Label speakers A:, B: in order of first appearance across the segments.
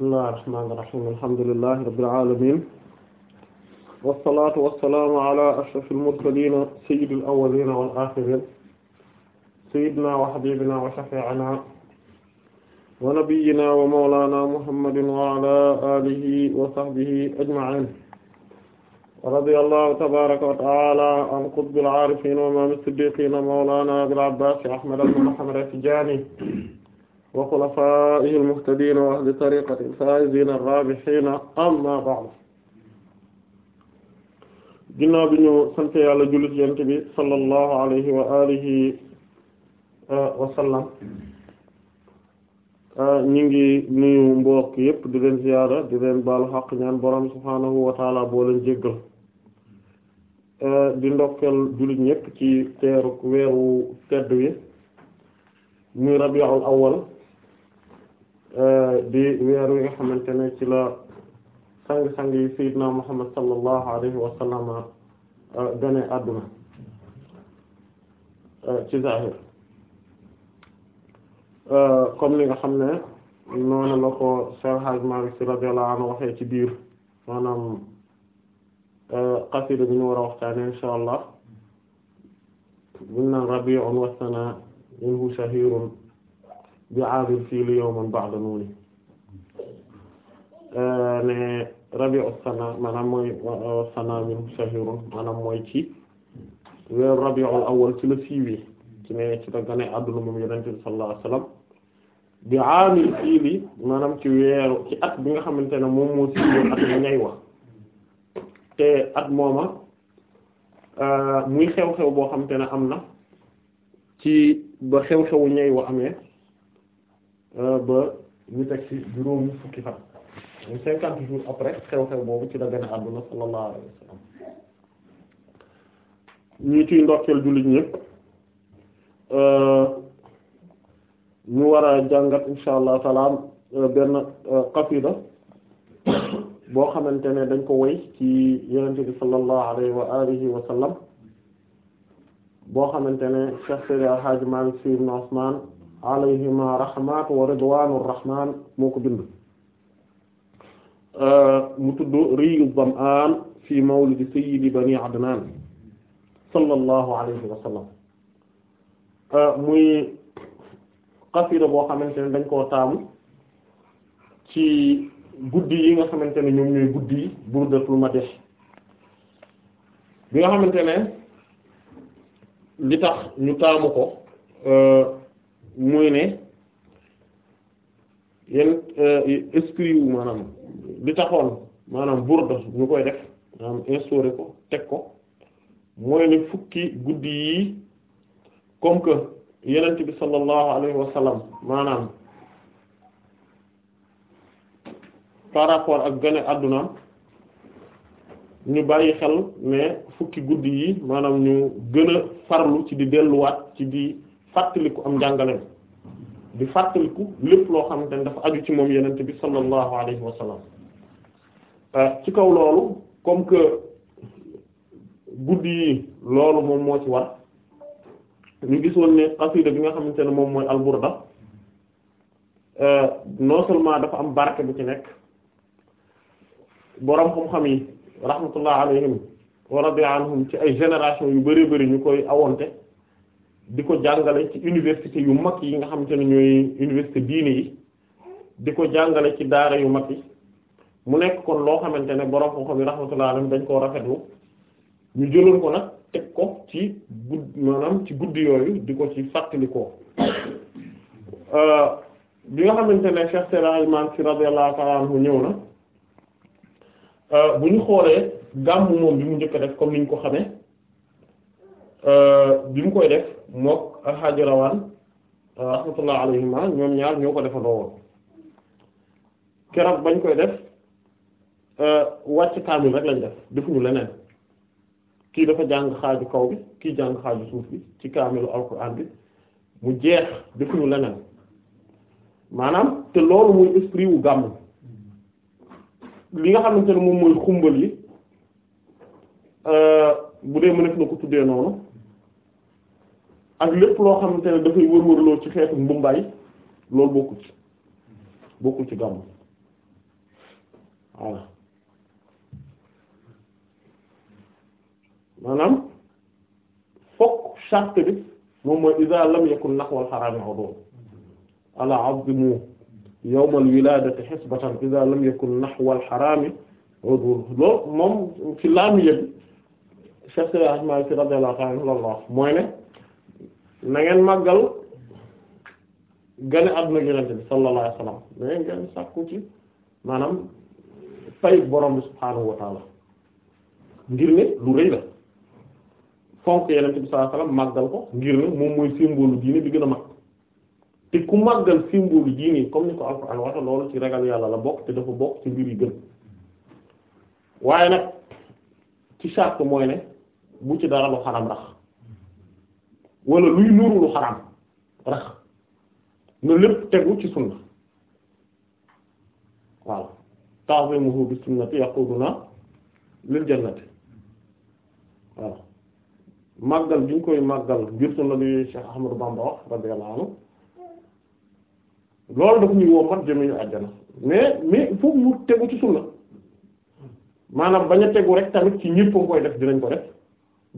A: bismillahir rahmanir rahim alhamdulillahi rabbil alamin wassalatu wassalamu ala ashrafil mursalin sayyidil awwalin wal akhirin sayyidina wa habibina wa shafi'ina wa nabiyyina wa mawlana muhammadin wa ala alihi wa sahbihi ajma'in رضي الله تبارك وتعالى عن قطب العارفين وإمام الصديقين مولانا أبي العباس أحمد بن محمد التجاني wa xulafaa'ihi al-muhtadiina wa ahli tariiqatihi al-faa'iziina ar-raabihiina ammaa ba'du ginnaaw bi ñu sant yàlla jullit yent bi wa alihi ah, wa sallam ah, ñu ngi nuyu mbokk yépp di leen ziyaara di leen baalu xaq ñaan borom subhaanahu wa taala boo leen ah, di ndokkeel jullit ñépp ci teeru weeru tedd wi muy rabiul awwal di weer wi nga xamante ne ci la sang-sang yi sayyidna Muhammad sallallahu alayhi wa sallam euh, gane àdduna euh, ci zahir euh, comme li nga xam ne noonu la ko Cheikh Hadj Malick Sy radiyallahu anhu waxee ci biir maanaam xasida bi ñu war a waxtaane insha allah buñ naan rabi'un wa minhu shahirun bi aabir fiilu yawman ba'da nuuni ne rabi'u sana maanaam mooy sana min shahirun maanaam mooy ci weeru rabi'ul awwal ci la siiwee ci ne ci la gane àdduna moom yonent bi sallallahu alayhi wasallam bi aamir fiili maanaam ci weeru ci at bi nga xamante ne moom moo siiwee at ma ñay te at mooma muy xew-xew boo xamante ne am na ci ba xew-xewu ñay wa amee Euh, ba ñu teg ci juróomi fukki fan mu cinquante jours après xew-xew boobu ci la gën a àdduna sallallahu alayhi ñu ciy ndokkeel jullit ñëpp euh, ñu war a jàngat insha allah salaam euh, benn qasida boo xamante ne dañ ko woy ci yenente bi sallallahu alayhi wa alihi boo xamante ne Cheikh Seydi Al Hadji Malick alayhima rahmatu wa ridwanu rahman moo ko bind mu tudd riyu zam'an fi mawlidi sayyidi bani adnan sallallahu alayhi wa muy xasida boo xamante ne dañ koo taamu ci guddi yi nga xamante ne ñoom ñooy guddi yi burdatul madih bi nga xamante ne li tax ñu taamu ko muy ne yenn euh, esprit wu maanaam li taxoon maanaam burda ñu koy def maanaam ko teg ko mooy ne fukki guddi yi comme que yenent bi sallallahu alayhi wa sallam maanaam par rapport ak gane àddunaam ñu bàyyi xel ne fukki guddi yi maanaam ñu gën farlu ci di delluwaat ci di fàttaliku am njàngaleem di fàttaliku lépp loo xamante ne dafa aju ci moom yenente bi sallallahu alayhi wa sallam euh, ci kaw loolu comme que guddi yi loolu moom moo ci war ñu woon ne xasida bi nga xamante ne moom mooy alburda euh, non seulement dafa am barke bu ci nekk boroom xam-xam yi rahmatullah alayhim wa radi anhum ci ay génération yu bari bari ñu koy awonte di ko jàngale ci université yu mag yi nga xamante ne ñooy université diine yi di ko jàngale ci daara yu mag yi mu nekk kon loo xamante ne borom ko xam yi rahmatullahi alayhi dañ koo rafetlu ñu jëloon ko nag teg ko ci gudd maanaam ci guddi yooyu di ko ci fàttalikoo euh, bi nga xamante ne Cheikh Seydina Imam Sy radiyallahu ta'ala anhu ñëw na euh, bu ñu xoolee gàmm moom bi mu njëkk a def comme ni ko xamee euh, bi mu koy def. mook alxaaji rawaan rahmatullah alayhima ñoom ñaar ñoo ko defandoo woon keroog bañ koy def euh, wàcc kaamil rek lañ def defuñu leneen kii dafa jàng xaaju kaw bi kii jàng xaaju suuf bi ci kaamilu alxuraan bi mu jeex defuñu leneen maanaam te loolu muy esprit wu li nga xamante ne moom mooy xumbal yi euh, bu dee mëneef na ko tuddee noonu ak lépp loo xamante ne dafay wër-wërloo ci xeetu mbumbaay loolu bokkul ci bokkul ci gàmmu voilà maanaam fokk moom mooy iza lam yakun nahwal xaraami udul ala azimu yawmal wiladati xisbatan iza lam yakun nahwal xaraami udul loolu moom ci laam la wax mooy na ngeen màggal gane àdduna yonent bi sallallahu alayhi wasallam na sàkku ci maanaam fay borom bi subhaanahu wa taala ngir ne lu rëy la fonk yonent bi sallallahu alayhi wasallam ko ngir ne moom mooy symbole diine bi gën a mag te ku màggal symbole diine comme ni ko alxuraan waxe loolu ci ragal yàlla la bokk te dafa bokk ci mbir gën waaye nag ci charte mooy ne bu ci dara lu xaram rax wala luy nuru lu xaraam rax na lépp tegu ci sunna waaw ta'zimuhu bi sunnati yaquduna lil jannati waaw màggal bi ñu koy màggal ngir sunna li Cheikh Ahmadou Bamba wax radiyallahu anhu loolu dafa ñuy wommat jëme ñu àjjana mais mais foofu mu tegu ci sunna maanaam bañ a tegu rek tamit ci ñépp koy def dinañ ko def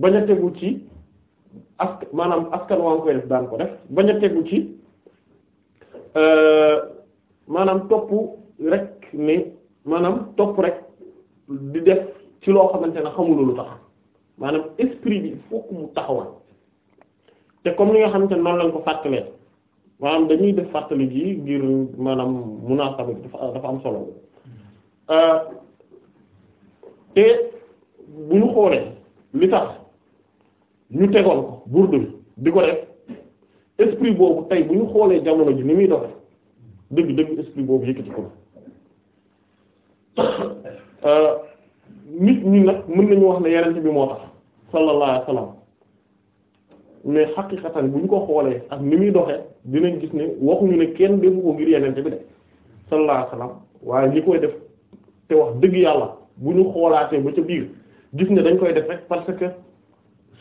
A: bañ a tegu ci ask maanaam askan waa ngi koy def daan ko def bañ a tegu ci euh, maanaam topp rek ne maanaam topp rek di def ci loo xamante ne xamul lu tax maanaam esprit bi fokk mu taxawal te comme li nga xamante ne noonu lañ ko fàttalee maanaam dañuy def fàttali ji ngir maanaam munaasaba dafa dafa am solo euh, te bu ñu xoolee li tax. ñu tegoon ko burdu di ko def esprit boobu tey bu ñu xoolee jamono ji ni muy doxe dëgg dëgg esprit boobu yëkkati ko euh, nit ñi nag mën nañu wax ne yarante bi moo tax sallallahu alayhi wasallam mais xaqiqatan bu ñu ko xoolee ak ni muy doxe dinañ gis ne waxuñu ne kenn defu ko ngir yenente bi de sallallahu alayhi waaye li koy def te wax dëgg yàlla bu ñu xoolaatee ba ca biir gis ne dañ koy def rek parce que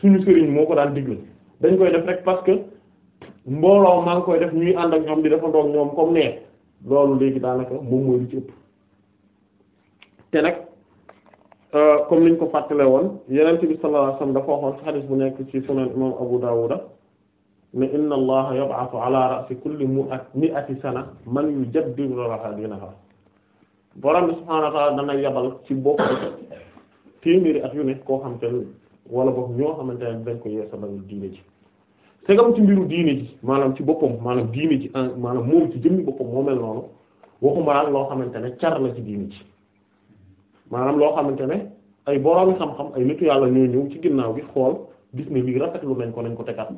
A: suñu sëriñ moo ko daan digle dañ koy def rek parce mbooloo maa ngi koy def ñuy ànd ak ñoom di dafa ndoog ñoom comme nee loolu léegi daanaka moom mooy li te nag euh, comme niñ ko fàttale woon yenente bi sallallahu alayhi wasallam ci xadis bu nekk ci sunan imam Abu Dawud ne inna allaha yab'athu ala ra'si kulli mi'ati sana man yujaddidu laha dinaha borom bi subhanahu wa dana yabal ci bopp téeméeri at yu nekk koo xam te wala boog ñoo xamante ne dañ ko yeesalal diine ji segam ci mbiru diine ji maanaam ci boppam maanaam diine ji ah, maanaam moom ci jëmmi boppam moo mel noonu waxuma loo xamante ne car la ci diine ji maanaam loo xamante ne ay boroomi xam-xam ay nitu yàlla ñoo ñëw ci ginnaaw gi xool gis ne lii lu nañ ko nañ ko tegaat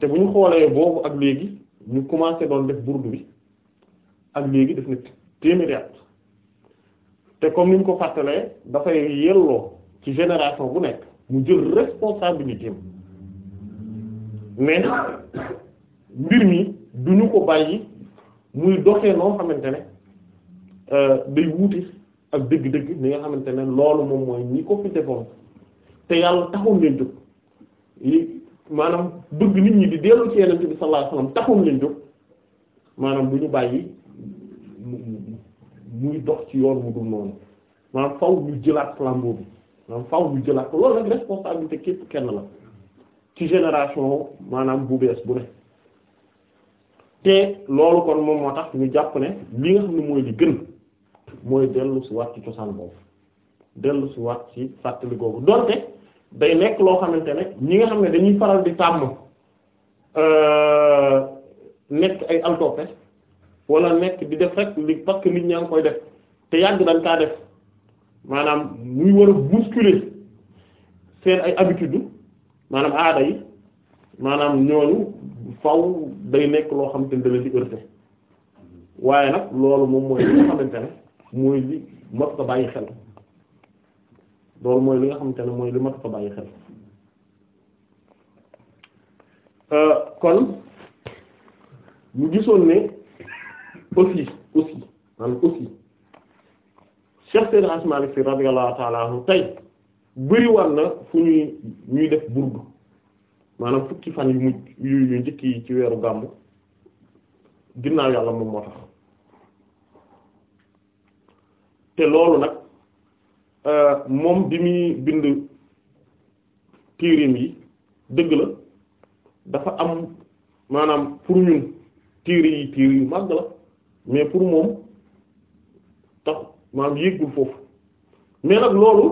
A: te bu ñu xoolee boobu ak léegi ñu commencé doon def burdu bi ak léegi def na téeméeri at te comme ni ko fàttalee dafay yelloo ci génération bu nekk mu jël responsabilité mais mbir mi du ñu ko bàyyi muy doxee noo xamante ne euh, day wuute ak dëgg-dëgg li nga xamante ne loolu moom mooy ñi ko fi defoon te yàlla taxul leen jóg maanaam bëgg nit ñi di dellu ci yeneen bi sallallahu alayhi wasallam taxul leen jóg maanaam bu ñu bàyyi muy dox ci yoon mu dul noonu maanaam faw ñu jëlaat flambeau bi maanaam faaw ñu jëlaat ko loolu nag responsabilité képp kenn la ci génération maanaam bu bees bu ne te loolu kon moom moo tax ñu jàpp ne li nga xam ne mooy li gën mooy dellu si waat ci cosaan boobu dellu si waat ci fàttali googu donte day nekk loo xamante ne ñi nga xam ne dañuy faral di tàmm euh, nekk ay altoppe wala nekk di def rek li parce que nit ñaa ngi koy def te yàgg dañ kaa def maanaam muy war a bousculer ay habitude maanaam aada yi maanaam ñooñu faw day nekk loo xam te ne dana ci waaye nag loolu moom mooy li nga xamante ne mooy li mat bàyyi xel loolu mooy li nga xamante ne mooy li mat ko bàyyi xel euh, kon ñu gisoon ne aussi aussi maanaam aussi Cheikh Seydou Hadj Malick Sy radiyallahu ta'ala tey bëriwaat na fu ñuy ñuy def burdu maanaam fukki fan yu mujj yu njëkk yi ci weeru gàmmu ginnaaw yàlla moom moo tax te loolu nag euh, moom bi muy bind tiirim yi dëgg la dafa am maanaam pour ñun tiiri yi tiir yu màgg la mais pour moom tax maanaam yéegul foofu mais nag loolu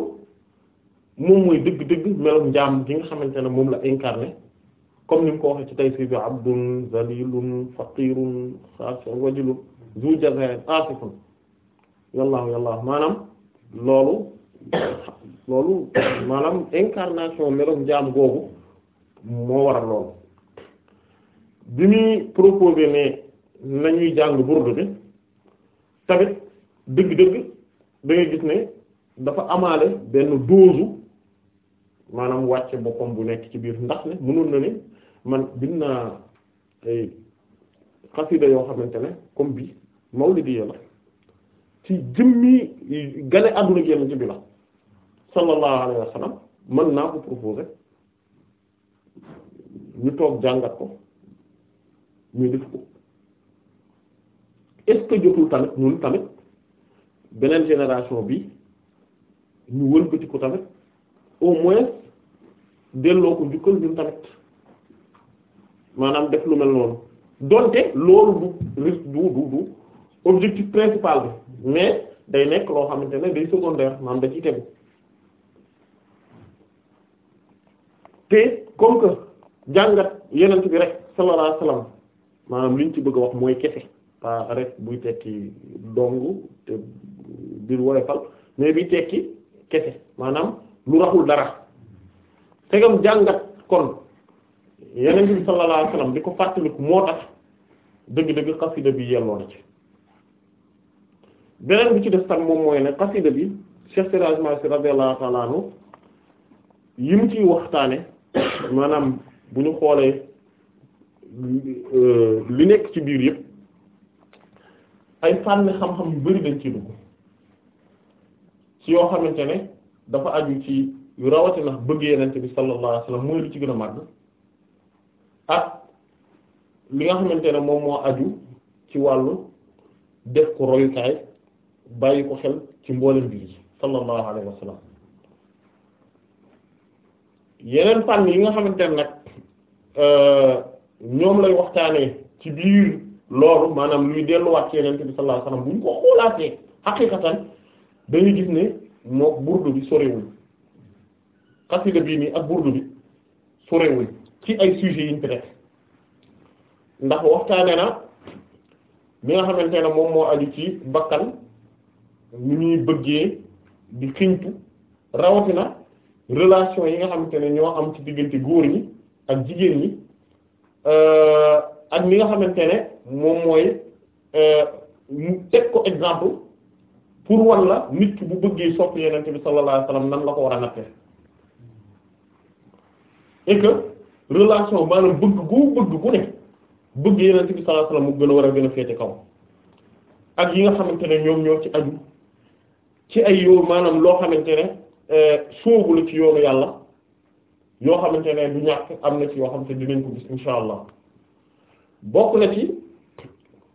A: moom mooy dëgg-dëgg meloom njaam gi nga xamante ne moom la incarné comme ni mu ko waxee ci Tayssîr bi abdun zalilun faqirun xaashi'un wajilun zu jaza'in aasifun yallaahu yallaahu maanaam loolu loolu maanaam incarnation meloom njaam googu moo waral loolu bi muy proposé ne nañuy jàng burdu bi tamit dëgg-dëgg da ngay gis ne dafa amaale benn doosu maanaam wàcce boppam bu nekk ci biir ndax ne mënoon na ni man bind naa ay xasida yoo xamante ne comme bi mawlidi la ci jëmmi gane àdduna ak ci bi la sallallahu alayhi wa sallam mën naa ko proposer ñu toog jàngat ko ñu def ko est tamit ñun tamit. beneen génération bi ñu wëlbati ko tamit au moins delloo ko jukkal ñun tamit maanaam def lu mel noonu donte loolu du du du du objectif principal bi mais day nekk loo xamante ne day secondaire maanaam da ciy tegu te comme que jàngat yenent bi rek sallallahu alayhi wasallam maanaam liñ ci bëgg a wax mooy kese pas rek buy tekki dong te di woyofal mais bi tekki kese maanaam lu raxul dara segam jàngat kon yeneen bi sallallahu alayhi di ko fàttaliku moo tax dëgg-dëgg xasida bi yelloo na ci beneen bi ci def tam moom mooy ne xasida bi Cheikh Siraj Masi radiyallahu ta'ala anhu yi mu ciy waxtaane maanaam bu ñu xoolee euh, li nekk ci biir yëpp ay fànn xam-xam yu bari dañ ci dugg ci yoo xamante ne dafa aju ci yu rawatina bëgg yenente bi sallallahu alayhi wasallam mooy li ci gën a màgg ak li nga xamante ne moom moo aju ci wàllu def ko royukaay bàyyi ko xel ci mboolem bi sallallahu alayhi wasallam yeneen fànn yi nga xamante ne nag euh, ñoom lay waxtaanee ci biir loolu maanaam luy delluwaat ci yenente bi sallallahu alayhi bu ñu ko xoolaatee xaqiqatan dañuy gis ni moo burdu bi sorewuñ xasida bii nii ak burdu bi sorewuñ ci ay sujets yiñ ndax waxtaane na mi nga xamante ne moom moo aju ci bakkan ñu ñuy bëggee di xintu rawatina relation yi nga xamante ne ñoo am ci diggante góor ñi ak jigéen ñi euh, ak mi nga xamante ne moom mooy euh, mu teg ko exemple pour wan la nit ki bu bëggee sopp yenente bi sallallahu alayhi wasallam nan la ko war a natte et que relation maanaam bëgg gu bëgg ku ne bëgg yenente bi sallallahu alayhi mu gën a war a gën a féete kaw ak yi nga xamante ne ñoom ñoo ci aju ci ay yoo maanaam loo xamante ne euh, sóobu la ci yoonu yàlla yoo xamante ne du ñàkk am na ci yoo xamante dinañ ko gis insha allah bokk na ci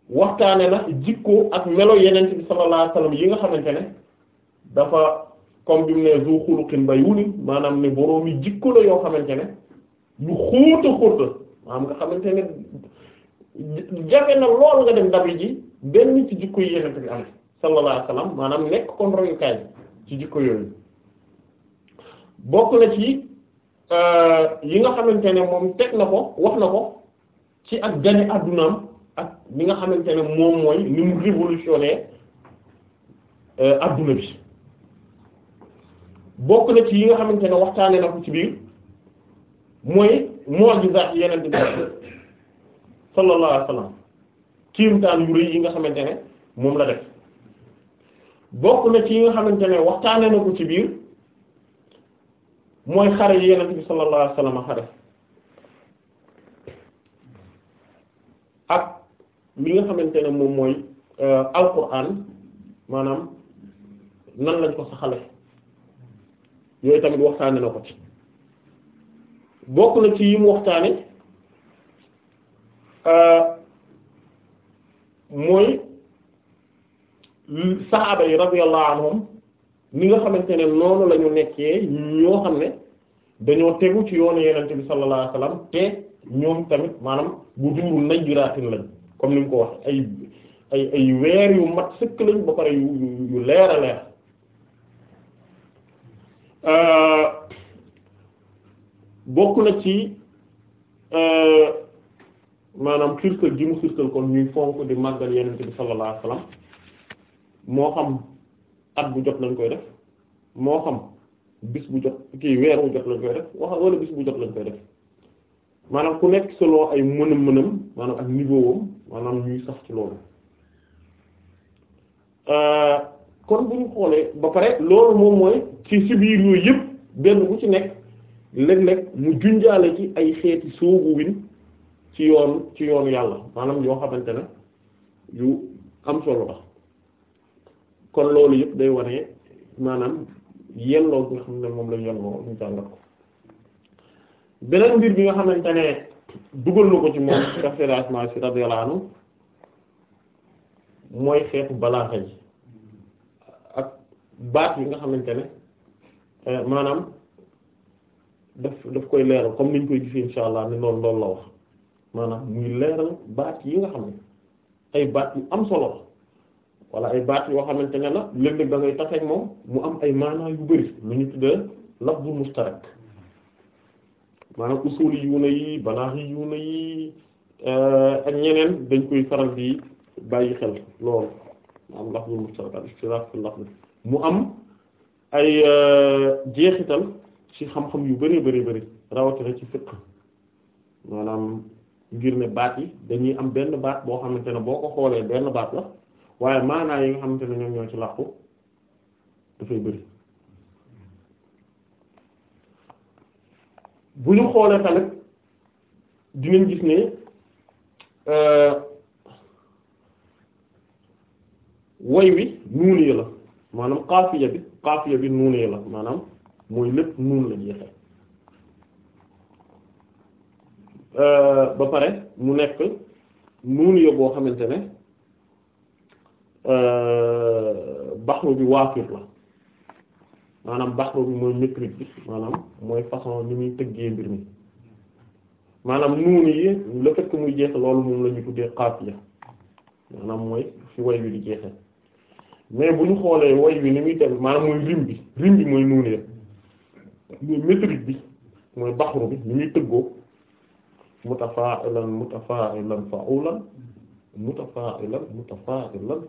A: waxtaane na jikko ak melo yeneen bi sallallahu alayhi yi nga xamante ne dafa comme bi mu ne zu xuluqin bayunin maanaam ne boroomi jikko la yoo xamante ne yu xóota xóota maanaam nga xamante ne jafe na lool nga dem dabi ji benn ci jikko yi yeneen bi am maanaam nekk kon royukaay ci jikko yooyu bokk na ci euh, yi nga xamante ne moom teg na ko wax na ko ci ak gane àddunaam ak li nga xamante ne moom mooy ni mu révolutionné euh, adduna bi bokk na ci yi nga xamante ne waxtaane na ko ci biir mooy mu'jiza yeneen bi sallallahu alayhi wasallam kiimtaan yu yi nga xamante ne moom la def bokk na ci yi nga xamante waxtaane na ko ci biir mooy xare yi yeneen bi sallallahu alayhi xare li nga xamante ne moom mooy euh, alquran maanaam nan lañ ko saxale yooyu tamit waxtaane na ko ci bokk na ci yi mu waxtaane euh, mooy saxaaba yi radiyallahu anhum ni nga xamante ne noonu la nekkee ñoo xam ne dañoo tegu ci yoonu yenente bi sallallahu alayhi te ñoom tamit maanaam bu jurul nañ jiraatin lañ comme ni mu ko wax ay ay ay weer yu mat sëkk lañ ba pare yu yu leer a leer euh, bokk na ci euh, maanaam xiirtal gi mu xiirtal kon ñuy fonk di màggal yenente bi sallallahu alayhi wasallam moo xam at bu jot lañ koy def moo xam bis bu jot kii weer bu jot lañ koy def wax wala bis bu jot lañ koy def maanaam ku nekk selon ay mënam mënam maanaam ak niveau wam maanaam ñuy sax ci loolu euh, kon bu ñu xoolee ba pare loolu moom mooy ci si biir yooyu yëpp benn bu ci nekk léeg-léeg mu junjaale ci ay xeeti soobu win ci yoon ci yoonu yàlla maanaam yoo xamante ne yu am solo la kon loolu yëpp day wane maanaam yenn bi nga xam ne moom la yelloo ñu jàngat ko beneen mbir bi nga xamante ne dugal na ko ci moom Cheikh Seydi mooy xeetu balaaxa yi ak baat yi nga xamante ne eh, maanaam daf daf koy leeral comme niñ koy gisee insha allah ni loolu loolu la wax maanaam muy leeral baat yi nga xam ne ay baat yu am solo wala ay baat yoo xamante ne la léeg-léeg da ngay taseeg moom mu am ay maanaa yu bari lu ñu tuddee lafzul mustarak maanaam usuli yu na yi banaax yu na yi euh, ak ñeneen dañ koy faral di bàyyi xel loolu mu am ndax mu mustaraka istilaf ndax mu am ay euh, jeexital ci xam-xam yu bëree bëri bëri rawatina ci fiqh maanaam ngir ne baat yi dañuy am benn baat boo xamante ne boo ko xoolee benn baat la waaye maanaa yi nga xamante ne ñoom ñoo ci làqu dafay bëri bu ñu xoolee tamit dinañ gis ne euh, way wi nuunee la maanaam xaafiya bi xaafiya bi nuunee la maanaam mooy lépp nuun la jeexee euh, ba pare mu nekk nuun yo boo xamante ne euh, baxru bi waafir la maanaam baxru bi mooy métrique bi maanaam mooy façon ni muy tëggee mbir mi maanaam nuunu yi le fait que muy jeexe loolu moom la ñu tuddee xaafiya maanaam mooy fi way wi di jeexe mais bu ñu xoolee woy wi ni muy dem maanaam mooy rim bi rim bi mooy nuunu ya mooy métrique bi mooy baxru bi ni muy tëggoo mutafaa'ilan mutafaa'ilan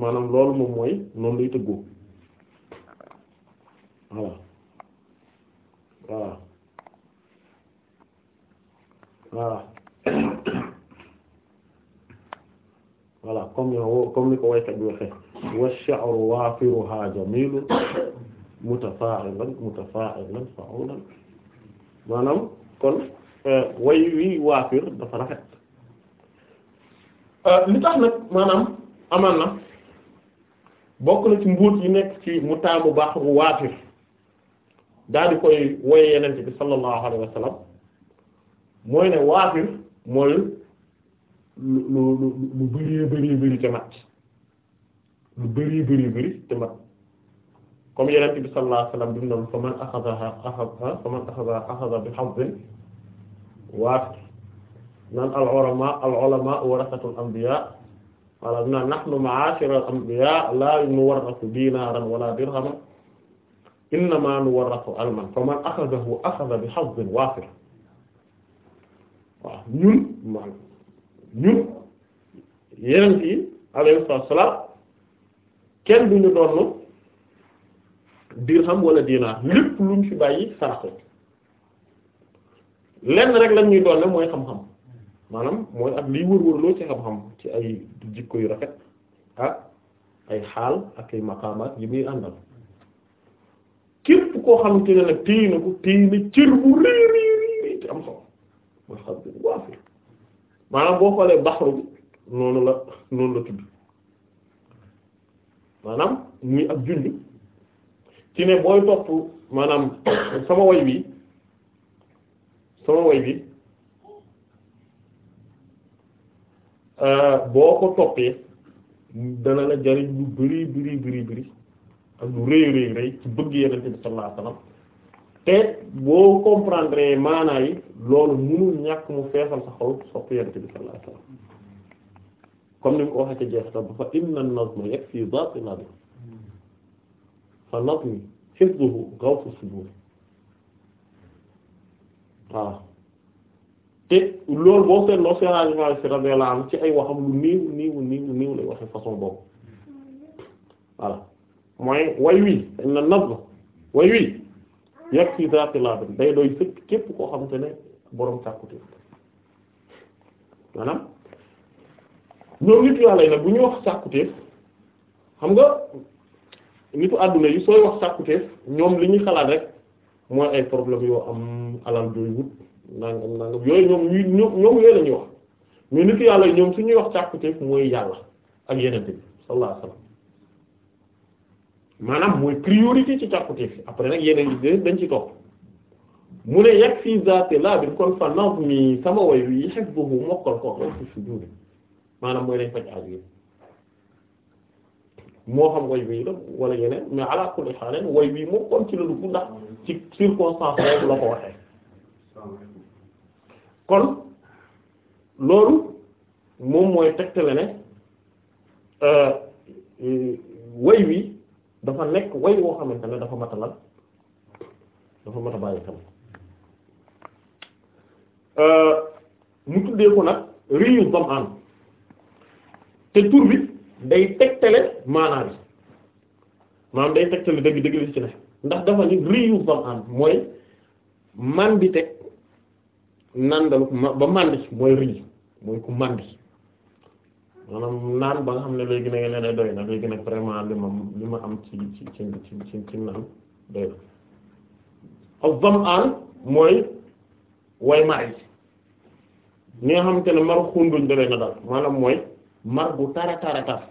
A: maanaam loolu moom mooy noonu lay tëggoo voilà voilà voilà voilà comme yow comme ni ko waykat bi waxee wa sha'ru wafiruha jamilun mutafa'ilan mutafa'ilan fa'ulan maanaam kon eh, way wi waafir dafa rafet eh, li tax nag maanaam amaan na bokk na ci mbuut yi nekk ci mu taamu baax bu waafir daal di koy woye yenente bi sallallahu alayhi wa sallam mooy ne waafir mooy lu lu lu bëree bëri bëri te mat lu bëri bëri bëri te mat comme yenente bi sallallahu alayhi wa sallam bi mu noon fa man axadaha axadaha fa man axadaha axada bi hazzin waafir naan al ulama al ulama warasatul anbiya wala naan nahnu ma'ashira al anbiya la nuwarrasu dinaran wala dirhaman innamaa nuwarrasu alman fa man axadahu axada bi hazzin waafir waaw ñun man ñun yeneen yi alayhi salaam kenn du ñu doon dirham wala dinaar lépp luñ fi bàyyi sarax lenn rek lañ ñuy doon mooy xam-xam maanaam mooy ak liy wër-wër loo ci xam-xam ci ay jikko yu rafet ak ay xaal ak ay maqaamaat yi muy àndal. koo xamante ne nag téye na ko téye na cër bu rëy rëy maanaam boo xoolee baxaru bi noonu la noonu la tudd maanaam muy ak junj ci ne booy topp maanaam sama way bi sama way bi euh, boo ko toppee dana la jariñ lu bari bari bari bari ak lu rëy rëy rëy ci bëgg yenente bi sallallahu alayhi wasallam te boo comprendre maanaa loolu mënul ñàkk mu feesal sa xol sopp yenente bi sallallahu alayhi wasallam comme ni mu ko waxee ca jeexta ba fa inna nazma ci ay waxam façon boobu voilà mooy way wi dañ na nazm way wi yegg si zaati day doy sëkk képp koo xamante ne boroom càkkutéef maanaam ñoom nitu bu ñu wax càkkutéef xam nga nitu àdduna yi sooy wax càkkutéef ñoom li ñuy xalaat rek mooy ay problème yoo am alal jooy wut nangam nangam yooyu ñoom ñoom yooyu la wax mais nitu yàlla ñoom su ñuy wax càkkutéef mooy yàlla ak yeneen bi sallallahu alayhi maanaam mooy priorité ci càkkutéef yi après nag yeneen yi dañ ci topp mu ne yàgg fii zaate laa bi kon fa naaw mi sama way wi yi xef boobu mokkal ko ak si maanaam mooy dañ faj aaju yi moo xam way bii la wala yeneen mais ala kulli haal way moom kon ci la dugg ndax ci circonstance rek la ko waxee kon loolu moom mooy tegtale ne euh, way wi dafa nekk way woo xamante ne dafa mat a lan dafa mat a bàyyi xel euh, mu tuddee ko nag riyu zamaan te tur bi day tegtale maanaa bi day tegtale dëgg dëgg li ci ne ndax dafa ni riyu zamaan mooy màndi teg nàndalu ba màndi mooy riyu mooy ku màndi maanaam naan ba nga xam ne léegi nag nee na doy na léegi nag vraiment li ma li ma am ci ci ci ci ci ci naan doy na ak zam aan mooy way mar yi ñi nga xamante ne mar xunduñ a dal mooy mar bu tara tara tar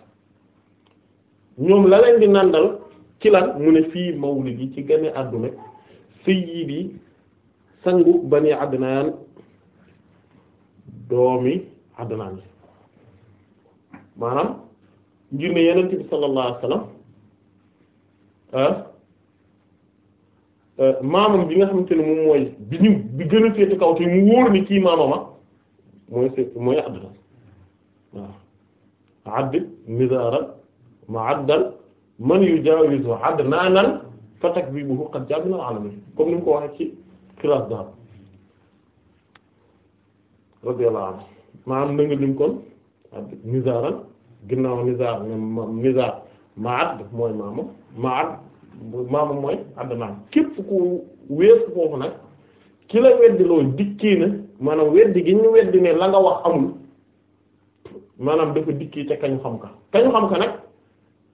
A: ñoom la leen ci lan fii mawlid yi ci gane àdduna sayyidi sangu bani Adnaan doomi Adnaan yi maanaam ngir ne yenent bi sallallahu alayhi wasallam ah, ah, maamam bi nga xamante ne moom mooy bi ñu bi gën a féete kaw te mu wóor ni kii maamama ah, mooy s mooy addal waaw addit misaran ma addal man yujawizu adnanan fatakbibuhu qad jaa min al-alamin comme ni mu ko waxee ci xilaas daal radiyallahu anhu maanaam na nga lim kon addit misaran ginnaaw Nizar Nizar Maad mooy maamam Maad maamam mooy Adnaan képp ku weesu foofu nag ki la weddi loolu dikkee na maanaam weddi gi ñu weddi ne la nga wax amul maanaam dafa dikkee ca kañu xam ka kañu xam ka nag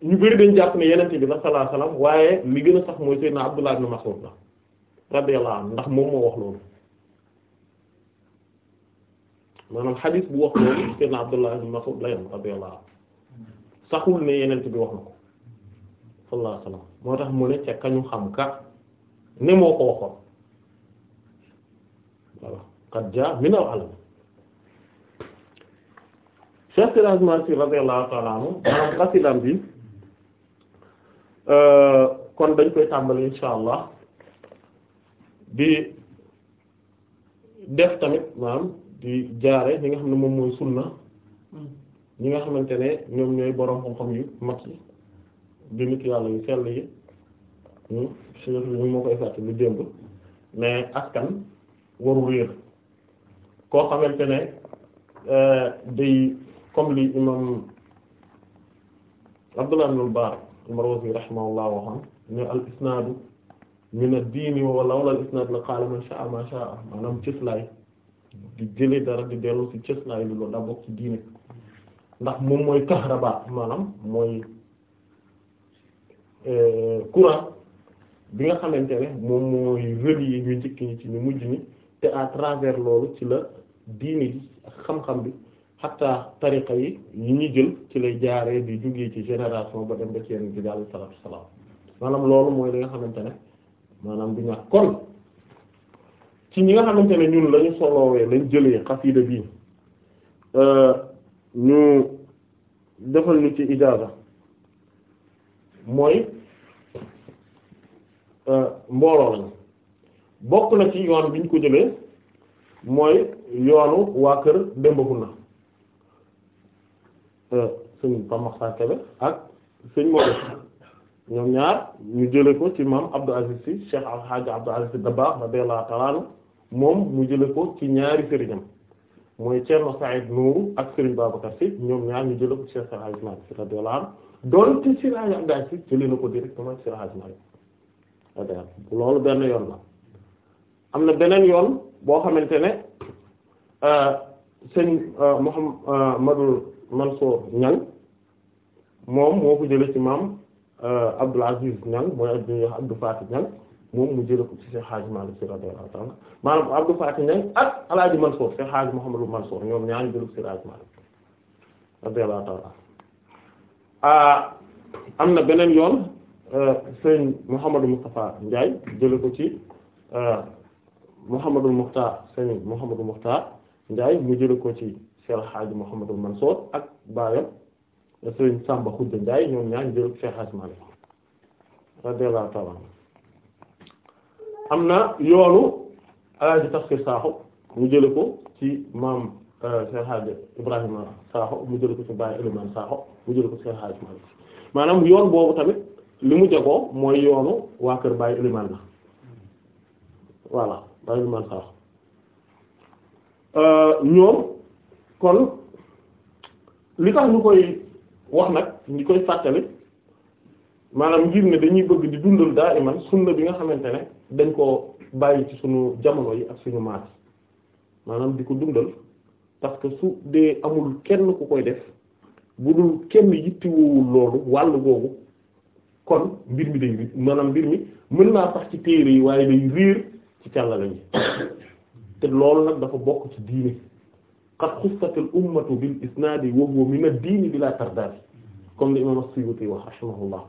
A: ñu bari dañ jàpp ne yenente bi la sallallahu waaye li gën a sax mooy Seydina Abdullah ibn Mas'ud la radiyallahu anhu ndax moom moo wax loolu maanaam xadiis bu wax loolu Seydina Abdullah ibn Mas'ud la yam radiyallahu saxul ne yenent bi wax na ko moo tax mu ne ca kañu xam ka ne moo ko waxoon voilà qad jaa min al alam Cheikh Tirazman si radiyallahu ta'ala anhu maanaam xasilam bi euh, kon dañ koy tàmbali insha allah def tamit maanaam di jaare li nga xam ne moom mooy sunna hmm. ñi nga xamante ne ñoom ñooy boroom xam-xam yu mag yi di nit yàlla yu sell yi moo koy fàtte lu démb mais akkan waru réer koo xamante ne euh, day comme li imam Abdullah ibn al-Mubarak al-Marwazi rahimahullah waxoon ne al isnaadu min ad-diini wa lawla al isnaad la qaala sha'a ma sha'a maanaam cëslaay di jëlee dara di dellu ci cëslaay lu la daa bokk ci diine ndax moom mooy kahraba maanaam mooy euh, courant bi nga xamante ne moom mooy yi ñu njëkk ñi ci ñu mujj ñi te à travers loolu ci la diini ji ak xam-xam bi xatta tariqa yi yi jël ci lay jaaree di jógee ci génération ba dem ba ci yenn daal salaatu loolu mooy li nga xamante ne maanaam du ñàkk kon ci ñi nga xamante ne ñun lañu soloowee lañ jëlee xasida bii euh, ñu defal ñu ci ijaaza mooy euh, mbooloo lañ bokk na ci yoon bi ñu ko jëlee mooy yoonu waa kër Demba na euh, sëñ Pape Makhtar Kébé ak sëñ Modou ñoom ñaar ñu jële ko ci maam Abdou Aziz Sy Cheikh Al Hadj Abdou Aziz Sy Dabakh radiyallahu ta'ala moom mu jële ko ci ñaari sëriñam mooy Thierno Saïd Nourou ak Serigne Babacar ñoom ñaar ñu jëlee ko Cheikh Al Hadj Malick Sy radiyallahu anhu doon ci Seydi Hadji Abdoulaye ko directement Cheikh Al loolu benn yoon la am na beneen yoon boo xamante ne euh, sëñ euh, Mouhamadou euh, Mansour Niang moom moo ko jëlee ci maam Abdoul Aziz Niang mooy ak ñuy wax Abdou Faty Niang moom mu jële ko ci Cheikh Hadji Malick Sy radiyallahu ta'ala maanaam Abdou Fatah ak El Hadj Mansour Cheikh Hadji Mouhamadou ñoom ñaari jëlu Cheikh Hadji Malick radiyallahu ah, na beneen yoon euh, sëñ Mouhamadou Moustapha Ndiaye jële ko ci euh, Mouhamadou Mokhtar sëñ Mouhamadou Mokhtar njaay mu jële ko ci Cheikh Hadji Mouhamadou Mansour ak baayam sëñ Samba Khoudia Ndiaye ñoom ñaari jëlu Cheikh Hadji Malick radiyallahu ta'ala am na yoonu alaaji tafsir saaxo mu jële ko ci maam euh, Cheikh Hadj Ibrahima saaxo mu jële ko ci Baye Elimane saaxo mu jële ko ci Cheikh Hadj maanaam yoon boobu tamit li mu jagoo mooy yoonu waa kër Baye Elimane la voilà Baye Elimane saaxo euh, ñoom kon li tax ñu koy wax nag ñu koy fàttali maanaam ngir ne dañuy bëgg di dundal daa iman sunna bi nga xamante ne dañ koo bàyyi ci suñu jamono yi ak suñu maat maanaam di ko dundal parce que su dee amul kenn ku koy def bu dul kenn yittiwoowul loolu wàll googu kon mbir mi day maanaam mbir mi mën naa sax ci téere yi waaye day riir ci càllala ñi te loolu nag dafa bokk ci diine qad xussatil ummatu bil isnaadi wa huwa min ad-diini bila tardaadi comme li imam as yi wax rahimahullah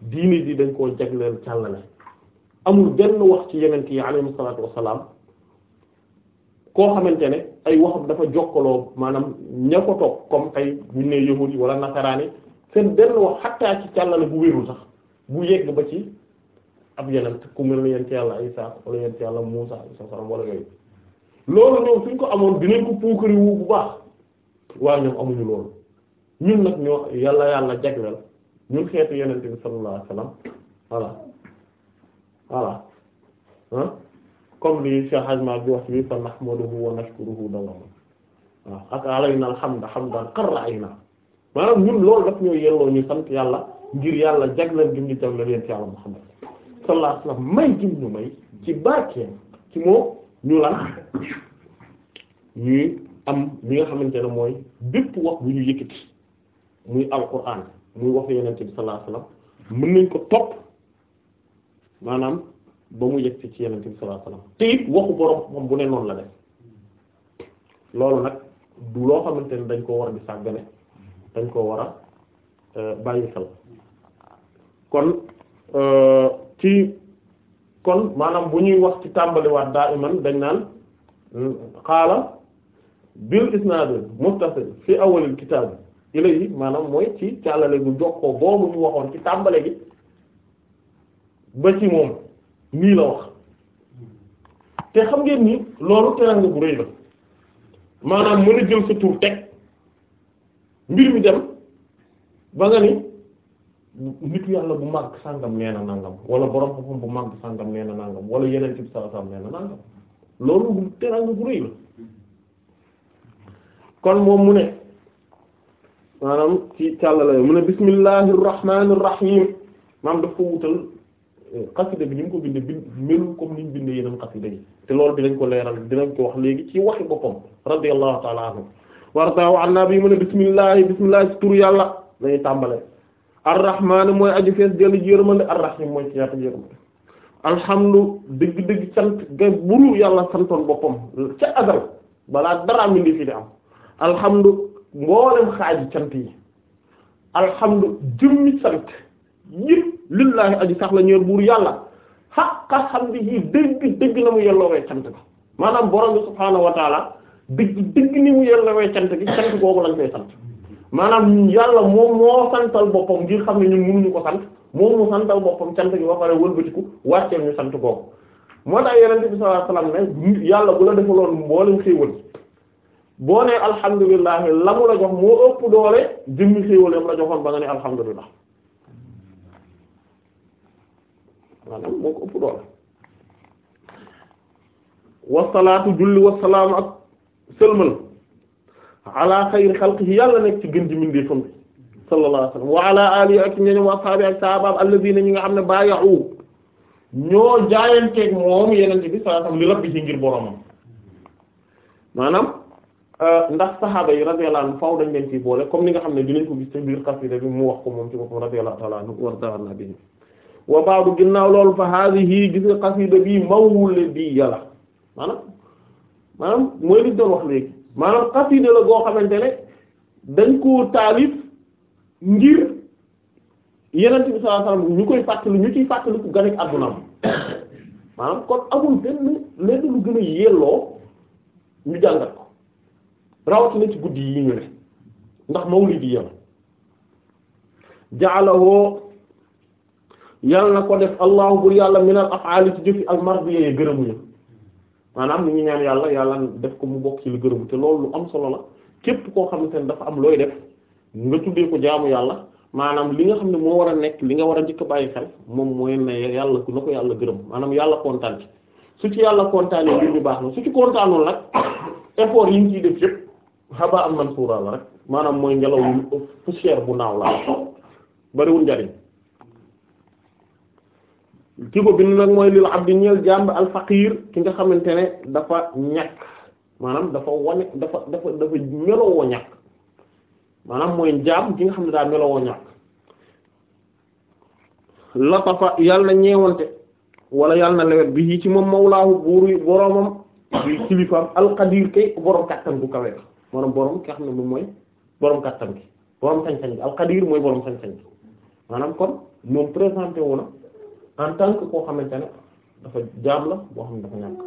A: diine ji dañ koo jagleel càllale amul benn wax ci yonent yi alayhi salaatu wassalaam koo xamante ne ay waxam dafa jokkaloo maanaam ña ko toog comme tey buñ ne yahud yi wala nasaraani seen benn wax xattaa ci càllale bu wérul sax bu yegg ba ci ab yonent ku mel ne yonent yàlla Isaa wala yonent yàlla Muusaa sallam wala yooyu loolu ñoom ko amoon dinañ ko puukariwu bu baax waaye ñoom amuñu loolu ñun nag ñoo yàlla yàlla jagleel ñun xeetu yonent bi sallallahu alayhi wasallam voilà comme li Cheikh Hajma bi na ci bi fa nahmaduhu wa nashkuruhu dawama waaw ak alayna alhamda hamdan qarra'ayna maanaam ñun loolu daf ñoo yelloo ñu sant yàlla ngir yàlla jagleel gi ñu jagleel yéen ci yàlla Muhammad xam alayhi wasallam may gi ñu may ci barkeem ci moom ñu lan ñuy am bi nga xamante ne mooy bépp wax bu ñu yëkkati muy alquran muy wax yeneen ci bi sallallahu alayhi nañ ko topp maanaam ba mu yegg ci yenente bi sallallahu alayhi wasallam te waxu borom moom bu ne noonu la def loolu nag du loo xamante dañ koo war a di sàggane dañ koo war a euh, bàyyi xel kon euh, ci kon maanaam bu ñuy wax ci tàmbaliwaat daa iman dañ naan xaala biir gis bil isnaad muttasil fi awwalil kitaab ilayhi maanaam mooy ci càllale gu jokkoo boobu ñu waxoon ci tàmbale gi ba ci moom nii la wax te xam ngeen ni loolu teraanga bu rëy la maanaam mën a jël sa tur teg mbir mi dem ba nga ni nitu yàlla bu màgg sàngam nee na nangam wala borom xam bu màgg sàngam nee na nangam wala yeneen ci sallallahu alayhi wasallam nee loolu bu teraanga bu rëy la kon moom mu ne maanaam ci càllala mu ne bismillahir maam daf ko wutal xasida bi ni ko bindee bind melul comme ni ñu bindee yeneen xasida yi te loolu dinañ ko leeral dinañ ko wax léegi ci waxi boppam radiyallahu ta'ala anhu wardaw an nabi mu ne bismillahi bismillahi si tur yàlla lay tàmbale arrahmaan mooy aju fees dellu ji yërmande arrahim mooy ci yaatu yërmande alhamdu dëgg-dëgg sant ga buru yàlla santoon boppam ca adal balaa dara mi ngi fi di am alhamdu mboolem xaaji cant yi alhamdu jëmmi sant yëpp lillaahi aji sax la ñëer buur yàlla xaqa xam bi yi dëgg dëgg na mu yelloowee cant bi maanaam borom bi subhaanahu wa taala dëgg dëgg ni mu yelloowee cant bi cant googu lañ koy sant maanaam yàlla moom moo santal boppam ngir xam ne ñun mënuñu ko sant moom mu santal boppam cant gi ba pare wëlbatiku wàcceel ñu sant googu moo tax yenente bi sallallahu alayhi ne yàlla bu la defaloon mboolem xéewal boo ne alhamdulilah la mu la jox moo ëpp doole jëmmi xéewal ba nga maanaam moo ko ëpp doole wasalaatu julli wasalaamu ak sëlmal ala xayri xalqihi yàlla nekk ci gën ji mindeefam bi sallallahu alayhi wa sallam wa ala alihi ak ñoñom wa ñi nga xam ne bayahu ñoo jaayanteeg moom yenente bi sallallahu alayhi wa li rabbi ci ngir boromam maanaam euh, ndax sahaaba yi radiyallahu anhu faaw dañ leen ci boole comme ni nga xam ne dinañ ko gis ci biir mu wax ko moom ci boppam radiyallahu ta'ala anhu warda nabi waa wa baadu ginnaaw loolu fa haadihi gis nga xasida bii mawlidiyya yàlla maanaam maanaam mooy li doon wax léegi maanaam xasida la goo xamante ne dañ koo taalif ngir yenent bi sallallahu alayhi wasallam ñu koy fàttali ñu ciy fàttali ku ganek addunaam maanaam kon amul benn lenn lu gën a yelloo ñu jàngat ko rawatina ci guddi yi ñu ne ndax mawlidiyya la ja'alahu yàlla na ko def allahu bur yàlla minal af'ali ci jëfi al mardiyya gërëmuñu maanaam ñu ngi ñaan yàlla yàlla def ko mu bokk ci li gërëmu te loolu lu am solo la képp koo xamante ne dafa am looy def nga tuddee ko jaamu yàlla maanaam li nga xam ne moo war a nekk li nga war a njëkk bàyyi xel moom mooy ne yàlla ku na ko yàlla gërëm maanaam yàlla kontaan ci su ci yàlla kontaanee mbir mi baax na su ci kontaanul nag effort yi ñu yi def yëpp xaba am man suura maanaam mooy ngelaw poussière bu naaw la bariwul njariñ ki ko nag mooy xam di ñeel jàmb al faqir ki nga xamante ne dafa ñàkk maanaam dafa wane dafa dafa dafa melowoo ñàkk maanaam mooy jaam ki nga xam ne daal melowoo ñàkk latafa yàlla na ñeewante wala yàlla na lewet bi yi ci moom mawlaahu buuru boromam bi kilifaam alqadir kay borom kàttan bu kawe maanaam borom ki nga xam ne moom mooy boroom kàttan ki borom sañ-sañ bi alqadir mooy borom sañ-sañ bi maanaam kon moom présenté wu en tant que koo xamante dafa jaam la boo xam ne dafa ñàkk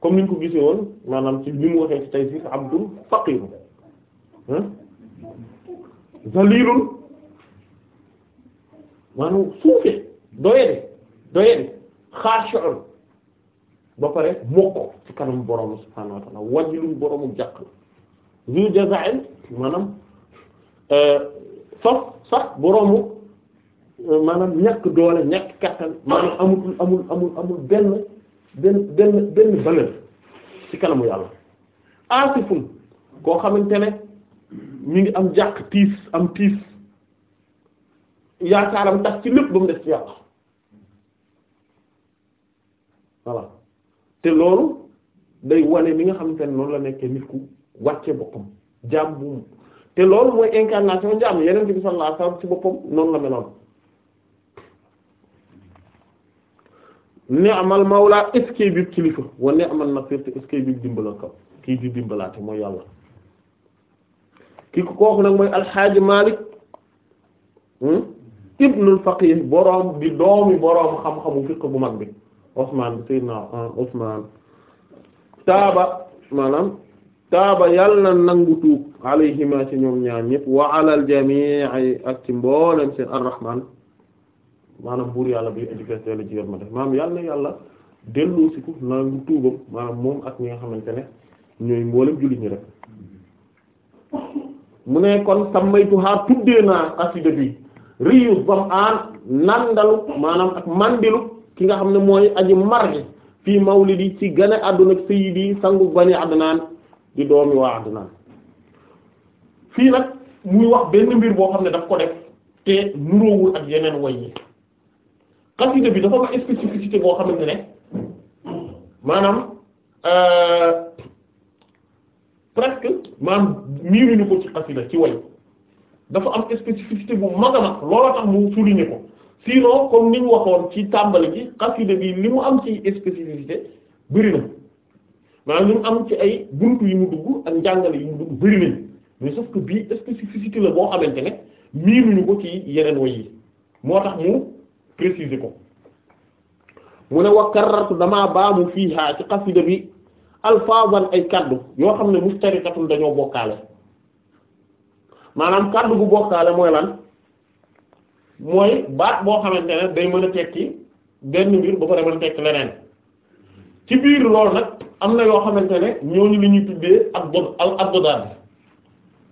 A: comme niñ ko gisee woon maanaam ci li mu waxee ci tey si abdul faqiru zalilun maanaam suufee doyede doyede xaashi'un ba pare mokk ci kanam borom subhaanahu wa ta'aala wajilul boromu la zu jaza'in maanaam euh, sax sax boromu maanaam ñàkk doole ñàkk kattan maanaam amul amul amul amul benn benn benn benn valeur ci kanamu yàlla aasifun koo xamante ne mi ngi am jàq tiis am tiis yaakaaram tax ci lépp ba mu def ci yàq voilà te loolu day wane mi nga xamante ne noonu la nekkee nit ku wàcce boppam jaam bu te loolu mooy incarnation jaam yeneen bi sallallahu alayhi wasallam ci boppam noonu la meloon ni'mal mawla est-ce kilifa wa ni'mal nasir te est-ce que bi dimbala kaw kii di dimbalaate mooy yàlla kii nag mooy alxaaji Malik hmm? ibnul faqih boroom di doomi boroom xam-xamu fiqh bu mag bi Usmaan ah, taaba maanaam taaba yàlla nangu tuub alayhima ci ñoom ñaar wa alal jamii ak ci mboolem seen maanaam buur yàlla bi aji fees la ci yërmande maanaam yàlla na yàlla delloo si ko tuubam maanaam moom ak ñi nga xamante ne ñooy mboolem jullit ñi rek mu ne kon sammaytu xaar tuddee naa asida maanaam ak mandilu ki nga xam ne mooy aji marge fii di ci gane àdduna ak sayyidi sangu bani Adnaan di doomi waa Adnaan fii nag muy wax benn mbir boo xam ne daf ko def te nuroowul ak yeneen way yi xasida bi dafa am spécificité boo xamante ne maanaam euh, presque maanaam miiruñu ko ci xasida ci way dafa am spécificité bu mag a mag looloo tax mu souligner ko sinon comme ni ñu waxoon ci tàmbali gi xasida bi li mu am ci spécificité bëri na maanaam li mu am ci ay buntu yi mu dugg ak njàngale yi mu dugg bëri nañ mais sauf que bii spécificité la boo xamante ne miiruñu ko ci yeneen way yi moo tax mu préciser ko mu ne wa karartu damaa baamu fiihaa ci xasida bi alfaazan ay kàddu yoo xam ne mustarikatun dañoo bokkaale maanaam kaddu bu bokkaale mooy lan mooy baat boo xamante ne day mën a tekki benn mbir ba pare mën a tekki leneen ci biir loolu nag am na yoo xamante ne ñooñu li ñuy tuddee ak do al abdodaad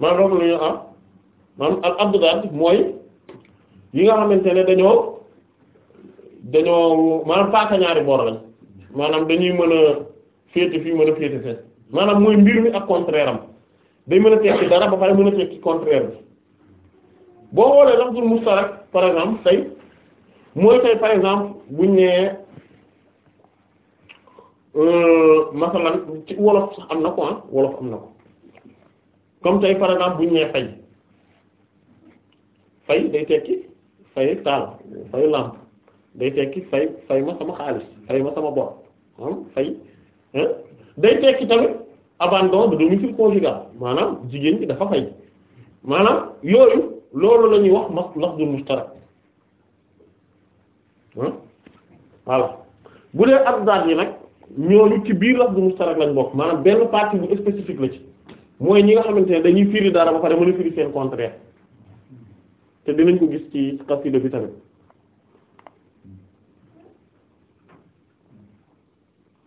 A: maanaam loolu la am maanaam al abdodaad mooy yi nga xamante ne dañoo dañoo maanaam paaka ñaari boor lañ maanaam dañuy mën a féete fii mën a féete fee maanaam mooy mbir mi ak contraire am day mën a tekki dara ba pare mën a tekki contraire bi boo xoolee lafzul mustarak par exemple tey mooy tey par exemple buñ nee euh, masalan ci wolof na ko ah am na ko tey par exemple buñ nee fay fay day tekki fay taal fay lampe day tekki fay fay ma sama xaalis fay ma sama bor maanaam fay day tekki tamit abandon de domicile conjugal maanaam jigéen ci dafa fay maanaam yooyu loolu la ñuy wax mas lafdul mustarak voilà bu dee abzaat yi nag ñooñu ci biir lafdul mustarak lañ bokk maanaam benn partie bu spécifique la ci mooy ñi nga xamante ne dañuy firi dara ba pare mën a firi seen contraire te dinañ ko gis ci xasida bi tamit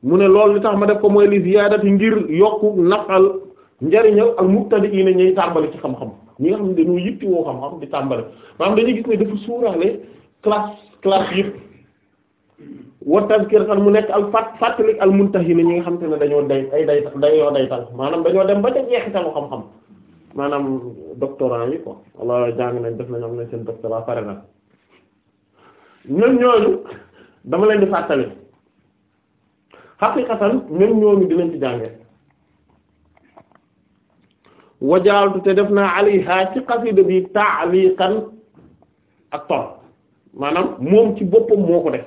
A: mu ne lool li tax ma def ko mooy li ziyaadati ngir yokku nafal njariñal al mubtadi'ina ñuy tàmbali ci xam-xam ñi nga xam ne dañoo yitti woo xam-xam di tàmbali maanaam dañuy gis ne dafa suuraale classe classe yëpp wa tazkiratan mu nekk al fat fàttalik yi ne ñi nga xam te ne dañoo day ay day dañoo day tal maanaam dañoo dem ba ca jeexitalu xam-xam maanaam doctorat yi ko walla jàng nañ def nañ am nañ seen doctorat pare na ñun ñooñu dama leen di fàttali xaqiqatan même ñooñu dinañ ci jàngee wajaaltu te def naa alayha ci xasida bi ta'liqan ak ton maanaam moom ci boppam moo ko def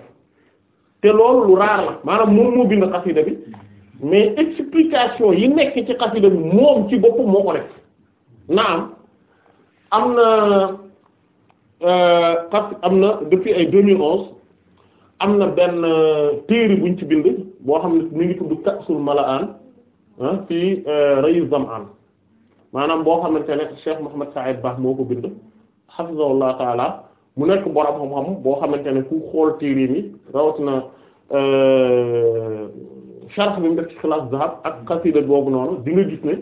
A: te loolu lu raar la maanaam moom moo bind xasida bi mais explication yi nekk ci xasida bi moom ci boppam moo ko def naam am na euh, xas am na depuis ay 2011 am na benn euh, téere buñ ci bind boo xam ne mi ngi tudd Ka'sul Mala'an ah, fii euh, Rayu Zam'an maanaam boo xamante ne Cheikh Mouhamed Saïd Ba moo ko bind hafizahullah taala mu nekk borom xam-xam boo xamante ne ku xool téere mi rawatina euh, sharh bi mu def ci Xilaas Zahab ak xasida boobu noonu di nga gis ne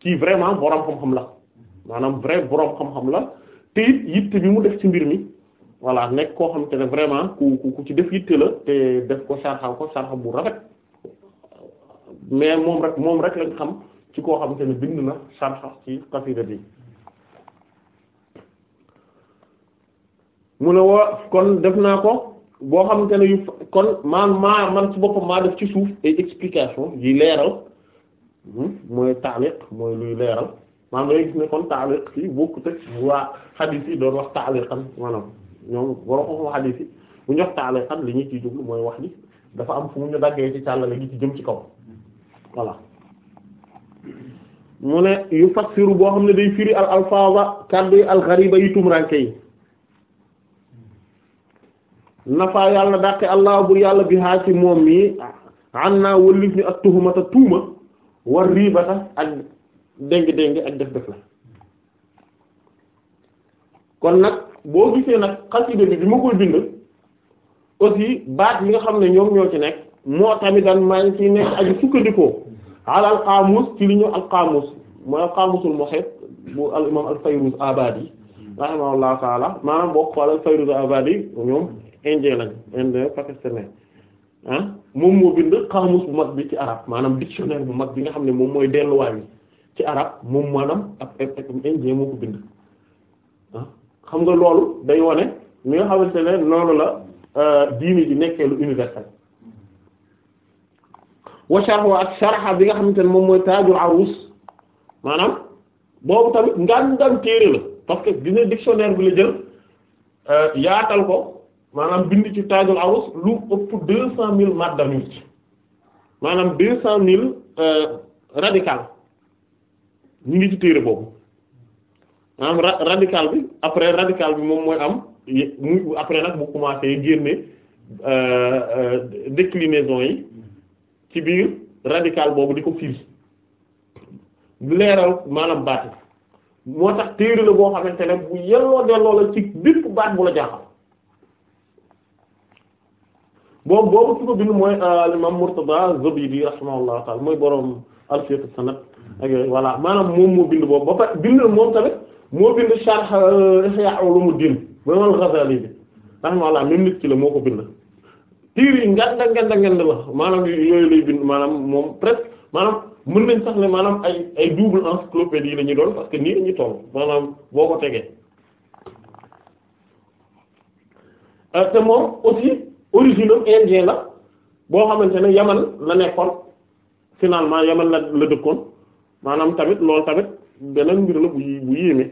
A: kii vraiment borom xam-xam la maanaam vrai borom xam-xam la te it yitte bi mu def ci mbir mi voilà nekk koo xamante ne vraiment ku ku ci def yitte la te def ko sharha ko sharha bu rafet. mais moom rek moom rek lañ xam ci koo xamante ne bind na sharh ci xasida bi mu ne wa kon def naa ko boo xam xamante ne yu kon man maa man ci boppam ci suuf ay explication yi leeral hmm, mooy mooy luy leeral maanaam da ngay gis ne kon taaliq fii bokkut ak waa xadiis yi doon wax taaliqan maanaam ñoom waroo ko wax xadiis yi bu ñu wax li ñu ciy jublu mooy wax ji dafa am fu mu ñu daggee ci càllale gi ci jëm ci kaw voilà mu ne yu fassiru boo xam ne day firi al alfaaza kàddu yi alxariba yi tumranke yi nafa yàlla dàqe allah bur yàlla bi xaa ci moom mi an naa wëllif ni ak tuhumata tuuma war riibata ak déng-déng ak def def la kon nag boo gisee nag xasida bi bi ma koy bind aussi baat yi nga xam ne ñoom ñoo ci nekk moo tamit daan maa ngi ciy nekk aju sukkandikoo ala al qaamus ci li ñu al qaamus mooy al qaamusul muhit bu al imam al fayruz abadi rahimahullahu taala maanaam boo xool al fayruz abadi ñoom indien lañ indien pakistanais ah, moom moo bind qaamus bu mag bi ci arab maanaam dictionnaire bu mag bi nga xam ne moom mooy delluwaay ci arab moom maanaam ak ak indien moo ko bind ah, xam nga loolu day wane mi nga xamante ne noonu la euh, diini ji nekkee lu universel wa sharhu ak sharha bi nga xamante ne moom mooy taajul arus maanaam boobu tamit ngaan téere la parce que dina dictionnaire bi la jël euh, yaatal ko maanaam bind ci taajul arus lu ëpp deux cent mille maddamis maanaam deux cent mille euh, radical ñu ngi ci téere boobu maanaam radical bi après radical bi moom mooy am muy après nag bu commencé génne euh, déclinaison yi ci biir radical boobu di ko firi leeral maanaam baati moo tax téere la boo xamante ne bu yelloo delloo la ci bépp baat bu la jaaxal boobu boobu ci ko bind mooy euh, imam Murtada Zabidi rahimahullahu ta'ala ak yooyu voilà maanaam moom moo bind boobu ba pare bind moom tamit moo bind sharh euh, Ihya Ulumuddin ba al Ghazali bi rahimahullah même nit ki la moo ko bind tiir yi nganda nganda nganda la maanaam yooyu lay bind maanaam moom presque maanaam mën nañ sax ne maanaam ay ay double encyclopédie la ñu doon parce que nii la ñu toll maanaam boo ko tegee euh, te moom aussi origine indien la boo xamante ne yaman la nekkoon finalement yaman la la dëkkoon maanaam tamit loolu tamit beneen mbir la bu bu yéeme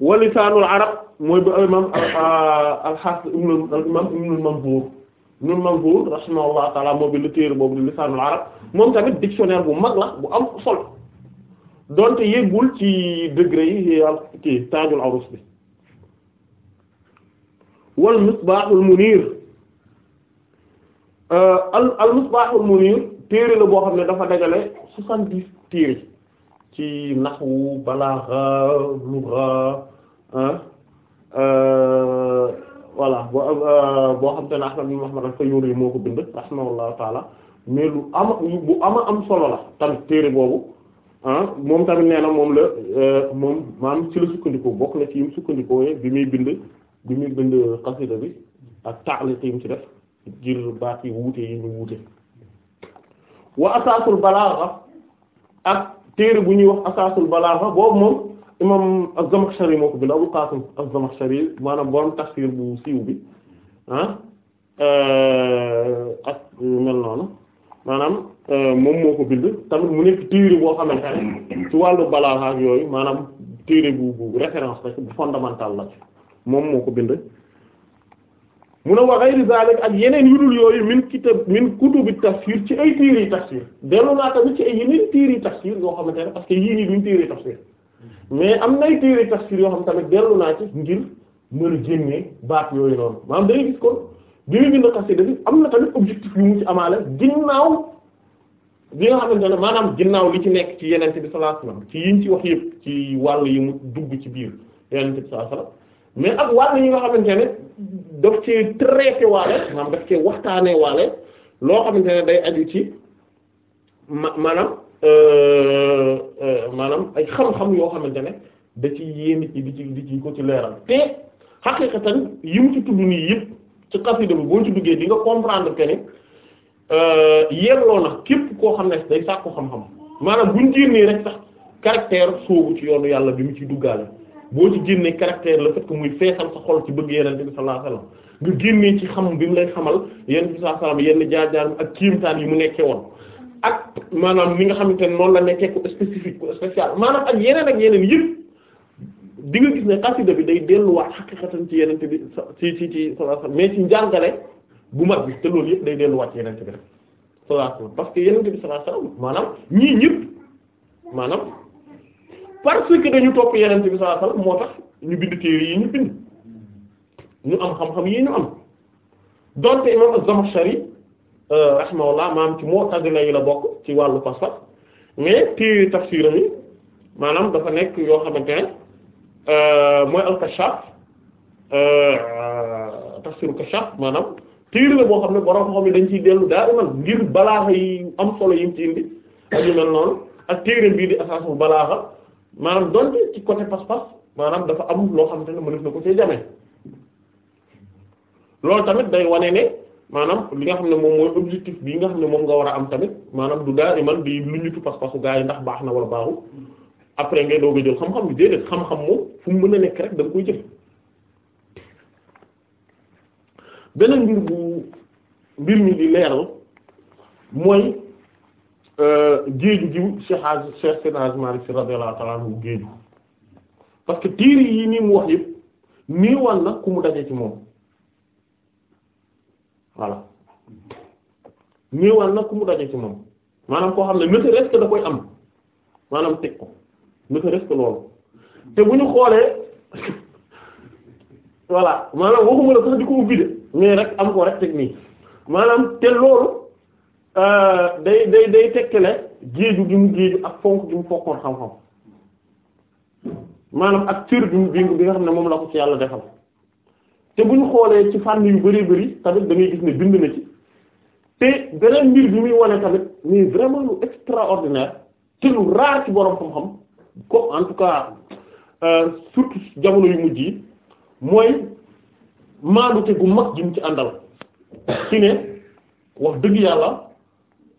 A: wa lisaanul arab mooy ba imam ah, ah, al-Hafiz ibn imam ibn Manzur ibn Manzur rahimahullah taala moo bi lu téere boobu lisaanul arab moom tamit dictionnaire bu mag la bu am solo donte yéggul ci degré yi al kii Taajul bi wal Misbahul Munir euh, al al Misbahul Munir téere la boo xam ne dafa dajale soixante-dix téere ci naxwu balagha lugha ah, euh, voilà euh, boo xam te ne Ahmad ibn Muhammad al-Fayuri moo ko bind rahimahullahu taala mais lu ama bu ama am solo la tamit téere boobu ah, moom tamit nee na moom la euh, moom maam ci la sukkandiku bokk na ci yim sukkandikoo bi muy bind bi muy bind xasida bi ak ta'liq yim ci def ngir baat yi wuute yi ñu wuute wa asaasul balagha ak téere bu ñuy wax asaasul balaaxa boobu moom imam az-Zamakhshari moo ko bind ak Qasim az-Zamakhshari maanaam borom tafsir bu siiw bi ah euh, ak mel noonu maanaam euh, moom moo ko bind tamit mu nekk téere boo xamante ne ci wàllu balaaxa ak yooyu maanaam téere bu bu référence la bu fondamental la moom moo ko bind mun ne wa ghayri zalik ak yeneen yu dul yooyu min kitab min kutubi tafsir ci ay téere yi tafsir dellu naa tamit ci ay yeneen téere yi tafsir yoo xamante ne parce que yii nii duñ téere tafsir mais am nay téere tafsir yoo xam tamit dellu naa ci ngir mën a génnee baat yooyu noonu maanaam da ngay gis kon bi muy bind xasida bi am na tamit objectif yu mu ci amaale ginnaaw bi nga xamante ne maanaam ginnaaw li ci nekk ci yenente bi sallallahu alayhi wasallam ci yiñ ci wax yëpp ci wàll yi mu dugg ci biir yenente mais ak wàll ñi nga xamante ne daf cee traité waale maanaam daf cee waxtaanee waale loo xamante ne day aju ci ma maanaam euh, euh, maanaam ay xam-xam yoo xamante ne da ci yéen ci di ci di ci ko ci leeral te xaqiqatan yi mu ci tudd nii yëpp ci xasida bi boo ci duggee di nga comprendre que ni euh, yelloo na képp koo xam ne day sàkku xam-xam maanaam buñ jénnee rek sax caractère soobu ci yoonu yàlla bi mu ci duggaale boo ci génnee caractère la fait que muy feexal sa xol ci bëgg yenente bi sallallahu alayhi wasallam nga génnee ci xam bi mu lay xamal yenente bi sallallahu alayhi wasallam yenn jaar-jaaram ak kiimtaan yi mu nekkee woon ak maanaam li nga xamante ne noonu la nekkee ku spécifique ku spécial maanaam ak yeneen ak yeneen yëpp di nga gis ne xasida bi day delluwaat xaqiqatan ci yenente bi ci ci ci sallallahu alayhi wasallam mais ci njàngale bu mag bi te loolu yëpp day delluwaat ci yenente bi rek sallallahu alayhi wasallam parce que yenente bi sallallahu alayhi wasallam maanaam ñii ñëpp maanaam parce que dañu topp yeneen bi sallallahu alayhi moo tax ñu bind téere yi ñu bind ñu am xam-xam yi ñu am donte imam az-Zamakhshari euh, rahimahullah maam ci Mu'tazila yi la bokk ci wàllu pas-pas mais téere tafsiram yi maanaam dafa nekk yoo xamante ne euh, mooy al-Kashaf euh, tafsiru Kashaf maanaam téere la boo xam ne borom xam yi dañ ciy dellu daal man ngir balaaxa yi am solo yi mu ci indi ak mel noonu ak téere bii di asaasul balaaxa maanaam donte ci côté pas-pas maanaam dafa am loo xam ne mënef na ko ci jame loolu tamit day wane ne maanaam li nga xam ne moom mooy objectif bii nga xam ne moom nga war a am tamit maanaam du daal man di lu ñutu pas-pasu gaa yi ndax baax na wala baaxul après ngay doog a jël xam-xam bi déedéet xam-xam moom fu mu mën a nekk rek da koy jël beneen mbir bu mbir mi di leeral mooy géeju gi Cheikh Hadj Cheikh Seydi Hadji Malick Sy radiyallahu ta'ala anhu géeju parce que tiir yi ni mu wax yëpp néewal na ku mu daje ci moom voilà néewal na ku mu daje ci moom maanaam koo xam ne ne serait-ce da koy am maanaam teg ko ne serait-ce loolu te bu ñu xoolee voilà maanaam waxuma la sax di ko ubbi de mais rek am ko rek teg nii maanaam te loolu. Euh, day day day tekkale géeju gi mu géeju ak fonk gi mu fokkoon xam-xam maanaam ak cër bi mu bingu bi nga xam ne moom la ko ci yàlla defal te bu ñu xoolee ci fànn yu bëri bari tamit da ngay gis ne bind na ci te beneen mbir bi muy wane tamit mais vraiment lu extraordinaire te lu raar ci borom xam-xam ko en tout cas euh, surtout jamono yu mujj yi mooy maandu te gu mag gi mu ci àndal ci ne wax dëgg yàlla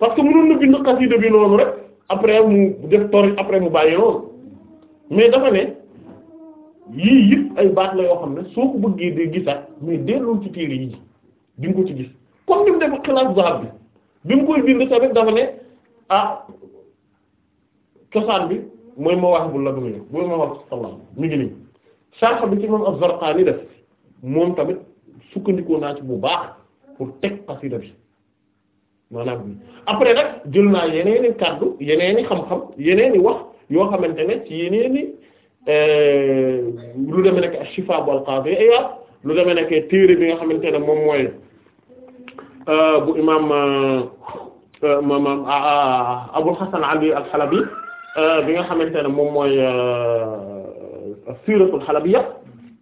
A: parce que mënoon na bind xasida bi noonu rek après mu def tori après mu bàyyi noonu mais dafa ne yii yëpp ay baat la yoo xam ne soo ko bëggee dee gisaat mais delloo ci téere yi di nga ko ci gis comme ni mu def xilaas zahab bi bi mu koy bind tamit dafa ne ah cosaan bi mooy ma wax bu la bëgg a mooy ma wax sallam mi ngi nii sharh bi ci moom az-Zarqaani def moom tamit sukkandikoo naa ci bu baax pour teg xasida bi maanaam après nag jël naa yeneen i kàddu yeneen i xam-xam yeneen wax yoo xamante ne ci euh, lu demee nekk Shifa bu al-Qadi lu demee nekk téere bi nga xamante ne moom mooy euh, bu imaam euh, maanaam ah, ah, ah, Abul Hasan Ali al-Halabi bi nga xamante ne moom mooy Siratul Halabiyya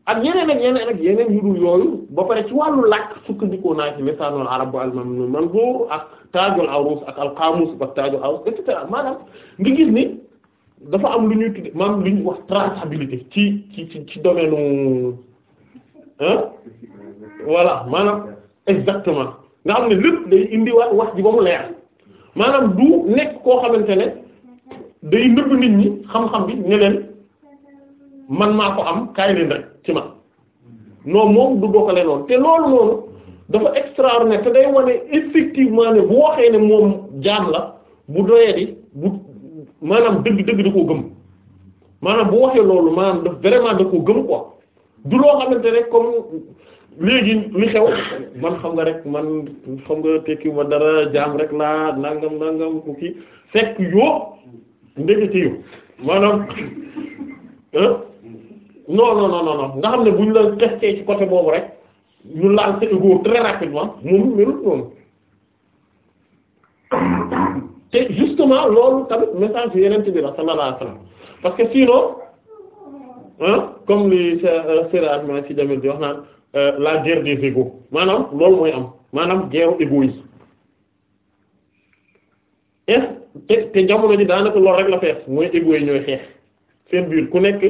A: ak yeneen ak yeneen ak yeneen yu dul yooyu ba pare ci wàllu làkk sukkandikoo naa ci lisaanul arab man manzuur ak taajul aruus ak alqaamuus ak taajul aruus et cetera maanaam nga gis ni dafa am lu ñuy tudd maanaam lu ñuy wax traçabilité ci ci ci domaine ah voilà maanaam exactement nga xam ne lépp day indiwaat wax ji ba mu leer maanaam du nekk koo xamante ne day nëbb nit ñi xam-xam bi ne leen man maa ko am kaay leen rek ci man non moom du doxale noonu te loolu noonu dafa extraordinaire te day wane effectivement ne bu waxee ne moom jaam la bu doyee di bu maanaam dëgg dëgg da koo gëm maanaam bu waxee loolu maanaam daf vraiment da koo gëm ko du loo xamante ne comme léegi li xew man xam nga rek man xam nga tekki ma dara jaam rek laa nangam nangam ku fekk yoo ndekete yo maanaam non non non non nga xam ne buñ la testé ci côté boobu rek ñu laal sa ego très rapidement moom melut noonu te justement loolu tamit message bi yeneen bi la sallallahu alayhi wasallam parce que sinon ah comme li Sera ma ci Jamil di wax naan euh, la guerre des égos maanaam loolu mooy am maanaam guerre égoïste est te te jamono ji daanaka loolu rek la fees mooy égo yi ñooy xeex seen biir ku nekk.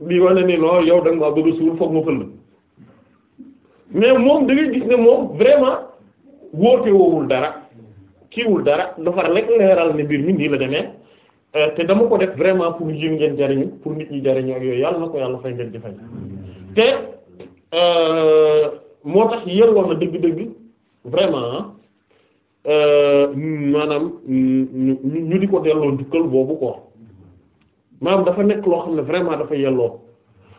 A: di wane ni non yow da nga maa bëgg a foog ma fël mais moom da ngay gis ne moom vraiment woote woowul dara kiiwul dara dafa rek leeral ne mbir mi nii la demee euh, te dama ko def vraiment pour yéen ngeen jariñu pour nit ñi jariñoo yooyu yàlla na ko yàlla fay ngeen jëfee te euh, moo tax yelloon na dëgg-dëgg vraiment euh, maanaam mm, ñu ñu di ko delloo njukkal boobu ko maanaam dafa nekk loo xam ne vraiment dafa yelloo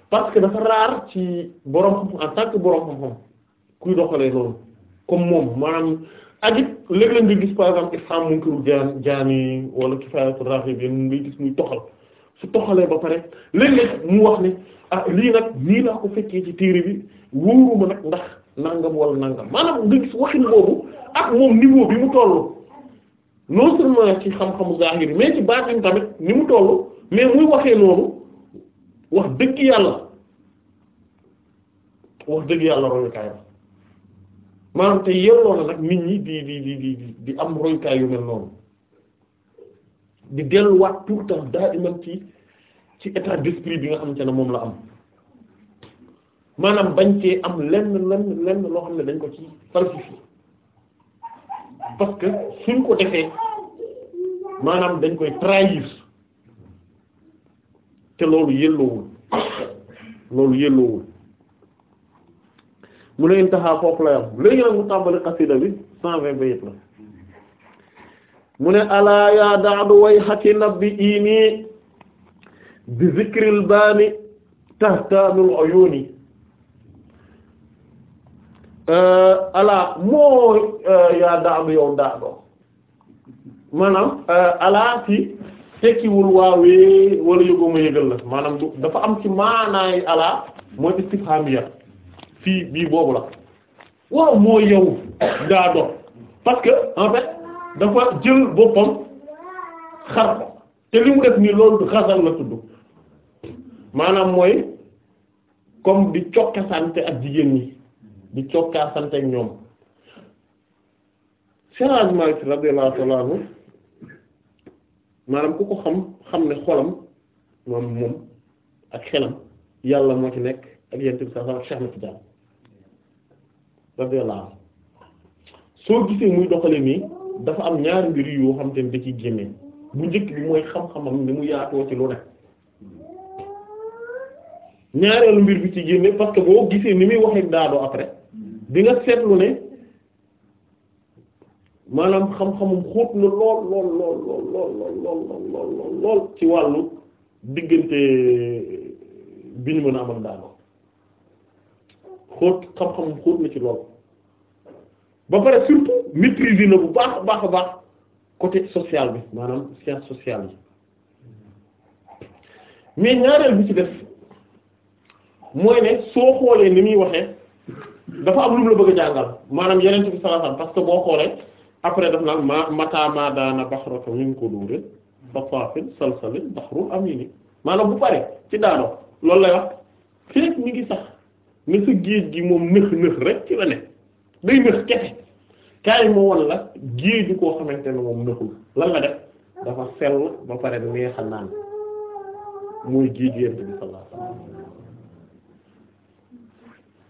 A: parce que dafa raar ci borom xam en tant borom xam-xam kuy doxalee noonu comme moom maanaam ak it léeg gis par exemple ifham munkirul jaan jaani wala kifaayatu raghibin toxal su toxalee ba pare mu wax ne ah lii nag nii laa ko fekkee ci téere bi wóoruma nag ndax nangam wala nangam maanaam nga gis waxin boobu ak moom niveau bi mu toll non seulement ci xam-xamu zahir mais ci baatin tamit ni mu toll. mais muy waxee noonu wax dëgg yàlla wax dëgg yàlla royukaay la maanaam te yelloo na nag nit ñi di di di di di am royukaay yu mel noonu di delluwaat tout le temps daa ci ci état d'esprit bi nga xam ne moom la am maanaam bañ cee am lenn lenn loo xam ne dañ ko ci falsifié parce que suñ ko defee maanaam dañ koy trahir te loolu yelloowul loolu yelloowul mu ne intaha foofu la yam léegi nag mu tàmbali xasida cent vingt bayit la mu ne alaa yaa daadu way xaki nabbi ini bi zikril baani tahtaanul uyuni alaa moo yaa daadu yow daadoo maanaam alaa ci tekkiwul waawee wala yëgoo ma yëgal la maanaam du dafa am ci maanaay alaa mooy istifhamiya fii bii boobu la waaw moo yow daa dox parce que en fait dafa jël boppam xar te li mu def nii loolu xasal la tudd maanaam mooy comme di cokkasante ak jigéen ñi di cokkaasante ak ñoom changement bi radiyallahu ta'ala anhu maanaam ku ko xam xam ne xolam moom moom ak xelam yàlla moo ci nekk ak yent bi sallallahu alayhi wasallam Cheikh na ci jàll soo gisee muy doxale dafa am ñaari mbir yoo xam te ne da ciy génnee bu njëkk bi mooy xam-xamam ni mu yaatoo ci lu nekk ñaareelu mbir bi ci génne parce que boo gisee ni muy waxee daadoo après di nga seetlu ne maanaam xam-xamum xóot na lool lool lool lool lool lool lool lool ci wàllu diggante eh, bi ñu mën a amal daanoo xóot xam-xamum xóot na ci lool ba pare surtout maîtriser na bu baax baax a baax côté social bi maanaam science social yi mais ñaareel bi ci def mooy ne soo xoolee ni muy waxee dafa am lu mu la bëgg a jàngal maanaam yeneen bi sallallahu alayhi boo xoolee après daf naan ma mata ma daana baxraka min kudurin fa saafin salsalin baxrul amini maanaam bu pare ci daanoo loolu lay wax feek mi ngi sax ne sa géej gi moom nëx nëx rek ci la ne day nëx kese kaay moo wan la géeju koo xamante ne moom nëxul lan la def dafa sell ba pare neexa naan mooy géeju yent bi sallallahu alayhi wasallam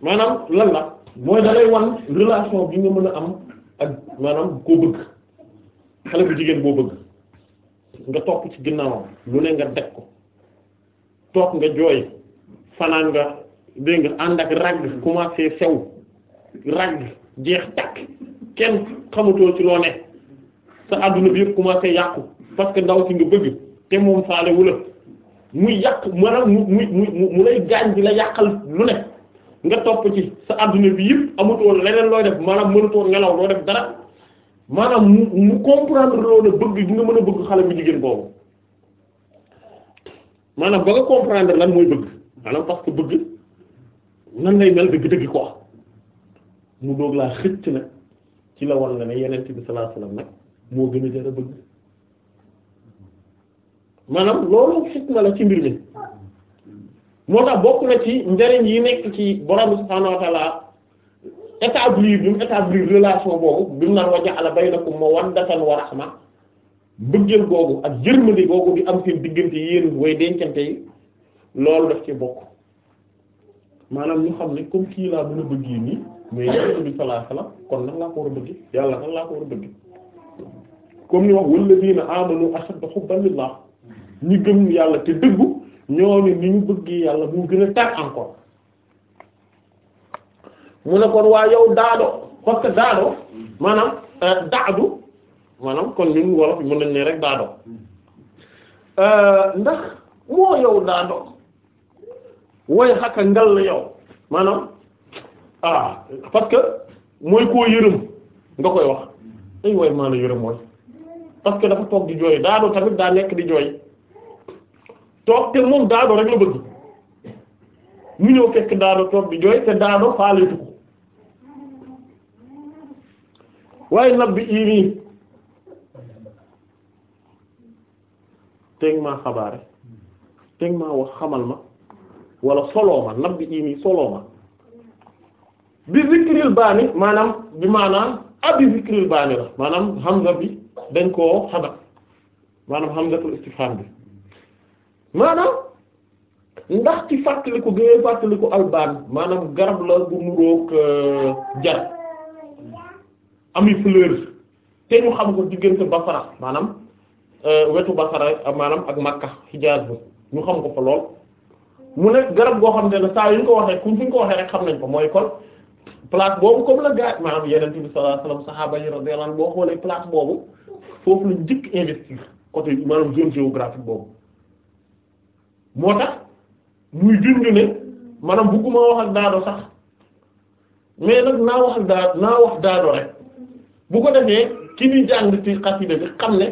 A: maanaam lan la mooy dalay wan relation bi nga mën a am ak maanaam koo bëgg xale bu jigéen boo bëgg nga topp ci ginnaawam lu ne nga deg ko toog nga jooy fanaan nga dégg nga ànd ak ragg commencé sew ragg jeex takk kenn xamutoo ci loo ne sa àdduna bi yëpp commencé yàqu parce que ndaw si nga bëgg te moom faale wu la muy yàq maanaam mu mu mu mu lay gaañ bi la yàqal lu ne nga topp ci sa adduna bi yëpp amutoon leneen looy def maanaam mënutoon ngelaw loo def dara maanaam mu mu comprendre loolu bëgg gi nga mën a bëgg xale bi jigéen boobu maanaam ba nga comprendre lan mooy bëgg maanaam parce que bëgg lay mel dëgg mu doog laa xëcc nag ci la la yeneen bi sallallahu alayhi wasallam a jar a la ci mbir mi moo tax bokk na ci njariñ yi nekk ci borom subhaanahu wa ta'ala établir bi mu établir relation boobu bi mu naan wa ja'ala baynakum mawaddatan wa rahma mbëggeel googu ak yërmande googu di am seen diggante yéen way dencante yi loolu daf ci bokk maanaam ñu xam ne comme kii laa mën a bëggee nii mais yonent bi sallallahu alayhi kon nan laa ko war a bëggee yàlla nan laa ko war a bëggee comme ni wax walladiina aamanu ashaddu hubban lillah ñi gëm yàlla te dëggu ñooñu ni ñu bëgg yàlla mu gën a tar encore mu ne kon waa yow daado parce daado maanaam euh, daadu maanaam kon ñun wolof mën nañ ne rek daado euh, ndax moo yow daado way xakka ngal la yow maanaam ah parce que mooy koo yërëm nga koy wax ay way maa la yërëm mooy parce que dafa toog di jooy daado tamit daa nekk di jooy toog te moom daado rek la bëgg mu ñëw fekk daado toog di jooy te daado faaletu ko waaye nab bi ii nii teg maa xabaare teg maa wax xamal ma wala solooma nab bi ii nii solooma bi zikril baani maanaam bi maanaam abi zikril baani la maanaam hamza bi dañ koo xabat maanaam hamzatul istifham bi maanaam ndax ci fàttaliku gënee fàttaliku albaan maanaam garab la bu nuroog euh, jar ami fleur te ñu xam ko diggante Basra maanaam euh, wetu Basra maanaam ak Makka Hijaaz bi ñu xam ko fa lool mu nekk garab goo xam ne saa yu ñu ko waxee ku ñu ko waxee rek xam nañ ko mooy kon place boobu comme la gaa maanaam Yonent bi sallallahu alayhi wasallam saxaaba yi radiyallahu boo xoolee place boobu foofu lañ njëkk investir côté maanaam zone géographique boobu moo tax muy junj ne maanaam bugguma wax ak daado sax mais nag naa wax ak daado naa wax daado rek bu ko defee ki ni jàng ci xasida bi xam ne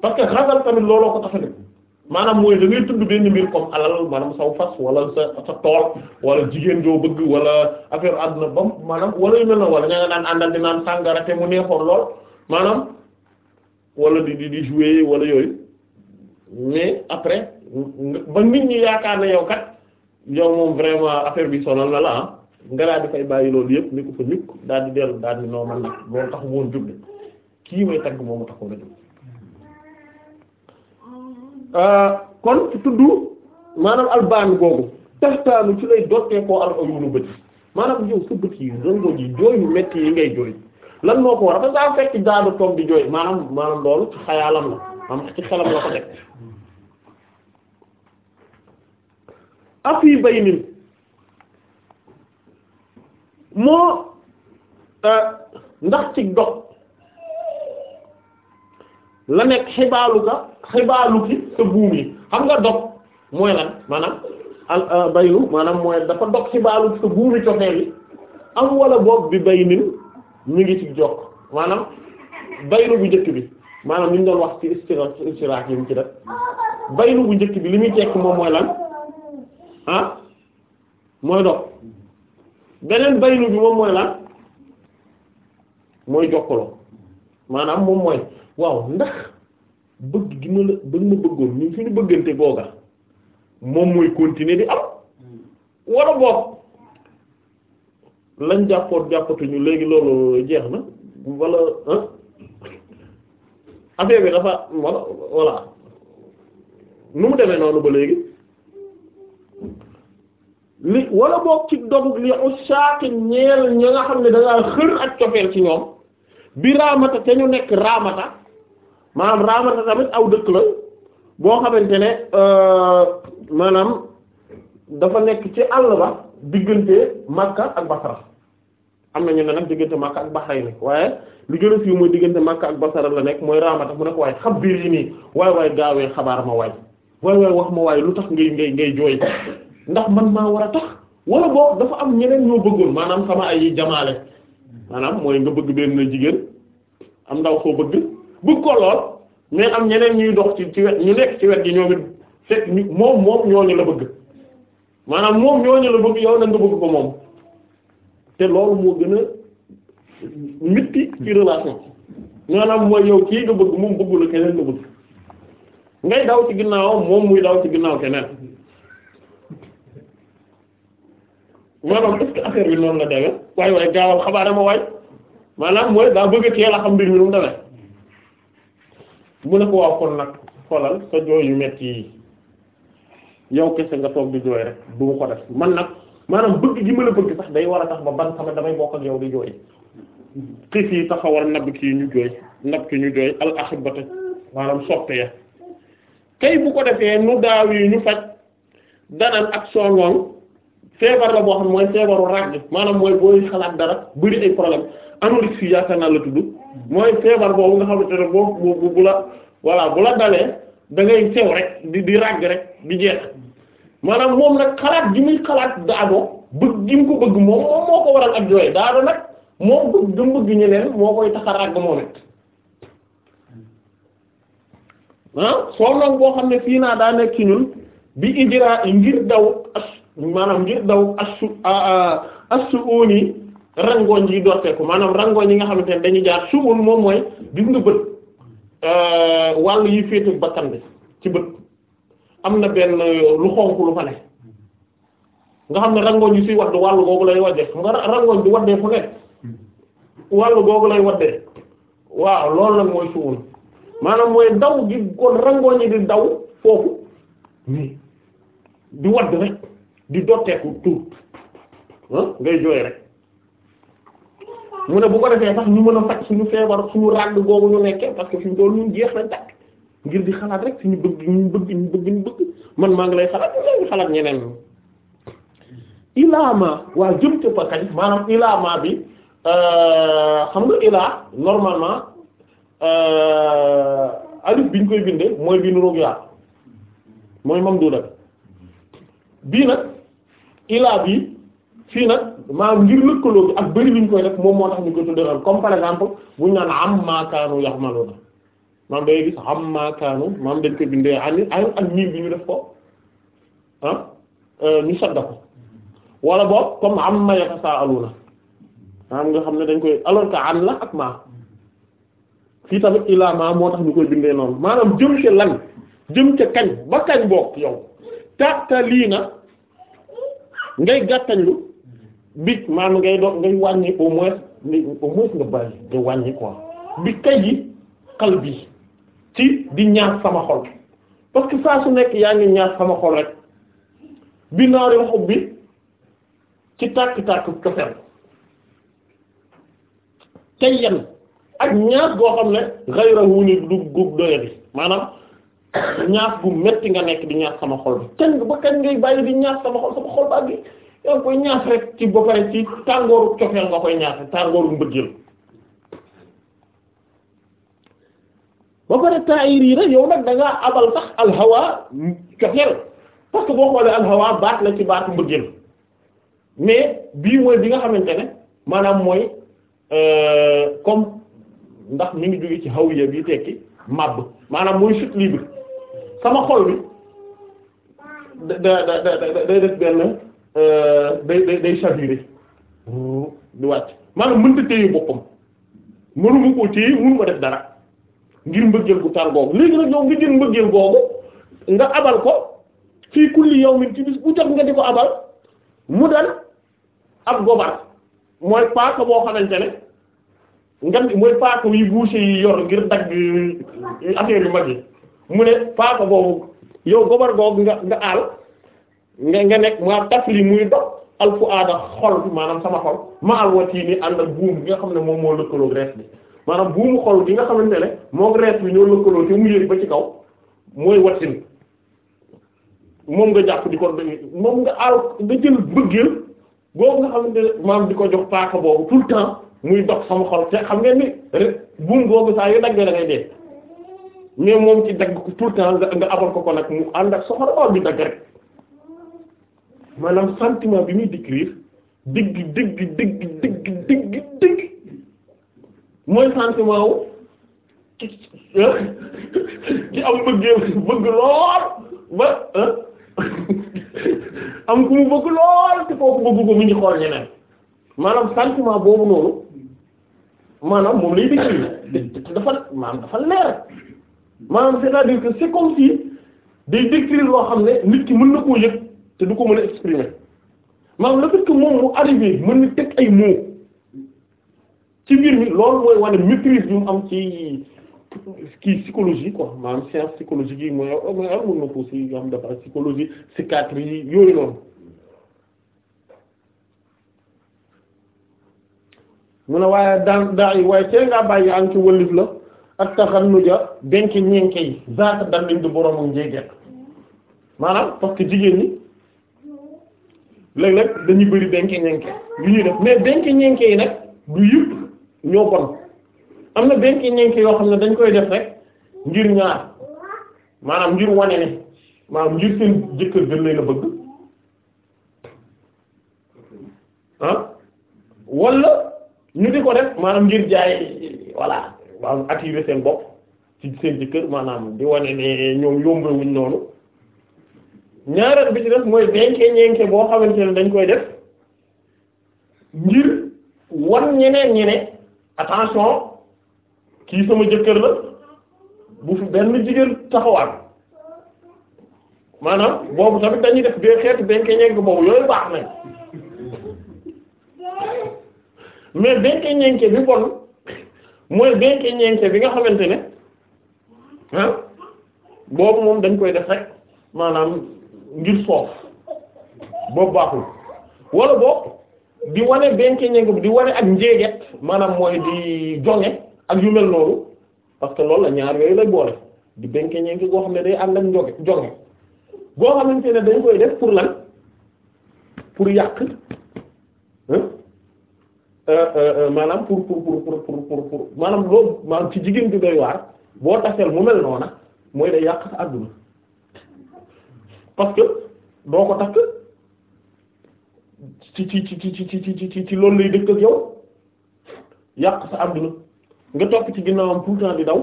A: parce que xasal tamit looloo ko tax a maanaam mooy da ngay tudd benn mbir comme alal maanaam saw fas wala sa sa tool wala jigéen joo bëgg wala affaire àdduna bam maanaam wala yu mel na wala ña nga daan àndal di naan sàngara te mu neexoon lool maanaam wala di di di jouer wala yooyu mais après ba nit ñi yaakaar na yow kat yow moom vraiment affaire bi sonal na la ah nga di fay bàyyi loolu yëpp ni ko fa ñukk daal di dellu daal di noo man nag loolu tax woon jubli kii may tagg moomu taxoon a jub euh, kon ci tudd maanaam albaan googu taxtaanu ci lay dottee koo al ayunu bët yi maanaam yow sa yi metti yi ngay jooy lan moo ko war a fa saa fekk jaadu toom di jooy maanaam maanaam loolu ci xayaalam la am ci xelam la ko teg afi baynin moo euh, ndax ci dox la nekk xibaalu ka xibaalu ki sa buum yi xam nga dog mooy lan maanaam al euh, baynu maanaam mooy dafa dox xibaalu sa buum yi cofeel yi am wala boog bi baynin ñu ngi ci jox maanaam baynu bu njëkk bi maanaam li ñu doon wax ci istiraak yi mu ci def baynu bu njëkk bi li muy tekk moom mooy lan ah mooy dox beneen baynu bi moom mooy lan mooy jokkaloo maanaam moom mooy waaw ndax bëgg gi ma la bëgg ma bëggoon ñun suñu bëggante googa moom mooy continuer di am wala boog lañ jàppoot jàppatuñu léegi loolu jeex na wala ah affaire bi dafa wala voilà nu mu demee noonu ba léegi li wala boog ci dogg li ushaaqi ñeel ñi nga xam ne dangaa xër ak cofeel ci ñoom bi raamata te ñu nekk raamata maanaam raamata tamit aw dëkk la boo xamante ne euh, maanaam dafa nekk ci àll ba diggante Makka ak Basra am na ñu ne nag diggante Makka ak Bahrayn la waaye li gën a mooy diggante Makka ak Basra la nekk mooy raamata mu nekk waaye xab biir yi nii waay waaye gaawee xabaar ma waay waay waay wax ma waay lu tax ngay ngay ngay jooy ndax man maa war a tax wala boog dafa am ñeneen ñoo bëggoon maanaam sama ay jamaale maanaam mooy nga bëgg benn jigéen am ndaw soo bëgg bëgg ko lool mais am ñeneen ñuy dox ci ci wet ñu nekk ci wet gi ñoom it fekk ñu moom moom ñooñu la bëgg maanaam moom ñooñu la bëgg yow na nga bëgg ko moom te loolu moo gën a mitti ci relation maanaam mooy yow kii nga bëgg moom bëggul keneen nga bëgg ngay daw ci ginnaaw moom muy daw ci ginnaaw keneen maanaam est-ce que noonu la demee waaye waaye gaawal xabaare ma waay maanaam mooy daa bëgg a teel a xam mbir mi nu mu demee mu ko waaw kon nag xoolal sa jooy yu metti yi yow kese nga toog di jooy rek du mu ko def man nag maanaam bëgg gi ma la bëgg sax day war a tax ba ban sama damay bokk ak yow di jooy xiif yi taxawal nab kii ñu jooy nab ki ñu jooy al axibata maanaam soppe ya kay bu ko defee nu daaw yi ñu faj danan ak songoon feebar la boo xam mooy feebaru ràgg maanaam mooy booy xalaat dara bëri ay problème anorexie yaakaar naa la tudd mooy feebar boobu nga xam ne boo bu la voilà bu la dalee da ngay sew rek di di ràgg rek di jeex maanaam moom nag xalaat gi muy xalaat daado bëgg gi mu ko bëgg moom moom moo ko waral ak jooy daado nag moom bëgg gëm bëgg ñeneen moo koy tax ràgg moom ah, soo noonu boo xam ne fii naa daa nekk ci ñun bi ijira ngir daw maanaam ngir daw assu assu óoni rangooñ yi dorteeku maanaam rangooñ yi nga xamante ne dañu jaar suul moom mooy gis nga bët euh, wàll yi féete bakkan bi ci bët am na benn lu xonk lu fa nga xam ne rangooñ yi suy wadd wàll googu lay waddee xam nga bi waddee fu nekk wàll googu lay waddee waaw loolu nag mooy suul maanaam mooy daw gi kon rangooñ di daw foofu di wadd rek di dotteeku tur ah, ngay jooy rek mu ne bu ko defee sax ñu mën a faj suñu feebar suñu ràgg googu ñu nekkee parce que fi mu doon ñun jeex lañ tàkk ngir di xalaat rek suñu ñu bëgg ñu bëgg ñu bëgg man maa ngi lay xalaat ñu xalaat ñeneen ilaama waa jëm ca kañ maanaam ilaama bi euh, xam nga ilaa normalement euh, alif bi ñu koy bindee mooy bi nu roog yaa mooy mam duuda bi nag ilaa bi fii nag maam ngir lëkkaloo ak bëri liñ koy def moom moo tax ñu ko tuddee comme par exemple buñ naan amma kaanu yahmaluna ak def ko ah euh, ñu sadda ko maam nga xam ne dañ koy alors que an la ak maa fii tamit ilaa maa moo tax ñu koy bindee noonu maanaam jëm ca lan jëm ca kañ ba kañ boog yow tàttali na ngay gàttañlu bi maanaam ngay doon ngay wàññi au moins au moins nga bàyyi nga wàññi quoi bi kay yi xal bi ci di ñaar sama xol parce que saa su nekk yaa ngi ñaar sama xol rek bi naari xob bi ci tàkk-tàkk cofeel tey yan ak ñaar goo xam ne xayra wu ni du gub doyati maanaam ñaas bu metti nga nekk di ñaas sama xol bi kañ ba kañ ngay bàyyi di ñaas sama xol sama xol ba bi yaa ngi koy ñaas rek ci ba pare ci tàngooru cofeel nga koy ñaas rek tàngooru mbëggeel ba pare taayir yi rek yow nag da ngaa abal sax alhawa cofeel parce que boo xoolee alhawa baat la ci baatu mbëggeel mais bii mooy bi nga xamante ne maanaam mooy euh, comme ndax mu ngi jóge ci hawiya bi tekki màbb maanaam mooy chute libre sama xol bi da da da day def benn euh, day day day di wàcc maanaam mënut a téye boppam mënuma koo téye mënuma def dara ngir mbëggeel gu tar googu léegi nag yow nga jël mbëggeel googu nga abal ko fii kulli yawmin ci bis bu jot nga di ko abal mu dal ab gobar mooy paaka boo xamante ne nga mooy paaka yi boucher yi yor ngir dagg euh, affaire yu mag yi. mu ne paaka boobu yow gobar googu nga nga aal nga nga nekk maa taf lii muy dox alfu aada xol bi maanaam sama xol ma al wati ni ànd ak buum bi nga xam ne moom moo lëkkaloo rees bi maanaam buumu bi nga xamante ne moo rees bi ñoo lëkkaloo te mu yëri ba ci kaw mooy watin moom nga jàpp di ko moom nga aal nga jël bëggeel boobu nga xamante ne maam di ko jox paaka boobu tout le temps muy dox sama xol te xam ngeen ni buum boobu saa yu daggee da ngay dee mais moom ci dagg ko pour le temps nga abal ko ko nag mu ànd ak soxor ba du dagg rek maanaam sentiment bi muy décrire digg digg digg dégg dégg dégg mooy sentiment wu ci ci am bëggee bëgg lool ba am ku mu bëgg lool te kooku bëgg ko mu ngi xool ñeneen maanaam santiment boobu noonu maanaam moom lay décrire dafa maanaam dafa leer maanaam c'est-à-dire que c'est comme si day décrire loo xam ne nit ki mën na koo yëg te du ko mën a exprimer maanaam le fait que moom mu arrivé mën na teg ay mots ci mbir mi loolu mooy wane maîtrise bi mu am ci kii psychologie quoi maanaam science psychologique yi mooy mooy amoon na ko si nga xam dafa psychologie psychiatrie yooyu noonu mu ne waaye daan daa yi waaye tey ngaa bàyyi am ci wëlif la ak taxannuja denc ñenke yi zaata dandañ du boroomu njeegeet maanaam parce que jigéen ñi léeg-léeg dañuy bëri denc ñenke yu ñuy def mais denc ñenke yi nag du yëpp ñoo bon am na denc ñenke yoo xam ne dañ koy def rek ngir ñaar maanaam ngir wane ne maanaam ngir seen jëkkër gën leen a bëgg ah wala ñu di ko def maanaam ngir jaay voilà maanaam attirer seen bopp ci seen jëkkër maanaam di wane ne ñoom yombewuñ noonu ñaareel bi ci def mooy ñeenke ñeenke boo xamante ne dañ koy def ngir wan ñeneen ñeneen attention kii sama jëkkër la bu fi benn jigéen taxawaat maanaam boobu tamit dañu def bee xeetu benke ñenke boobu yooyu baax nañ mais benke ñenke bi bon mooy benke ñente bi nga xamante ne ah boobu moom dañ koy def rek maanaam ngir soof boobu baaxul wala boobu di wane benke ñeente bi di wane ak njéeget maanaam mooy di jonge ak yu mel noonu parce que loolu la ñaar yooyu lay boole di benke ñeente goo xam ne day ànd ak njoge jonge goo xamante ne dañ koy def pour lan pour yàq hein ah, Euh, euh, euh, maanaam pour pour pour pour pour maanaam loolu maanaam ci jigéen ju doy waar boo taseel mu mel noona mooy day yàq sa àdduna parce que doo ko takk ci ci ci ci ci ci ci loolu lay dëkk ak yow yàq sa àdduna nga topp ci ginnaawam tout le temps di daw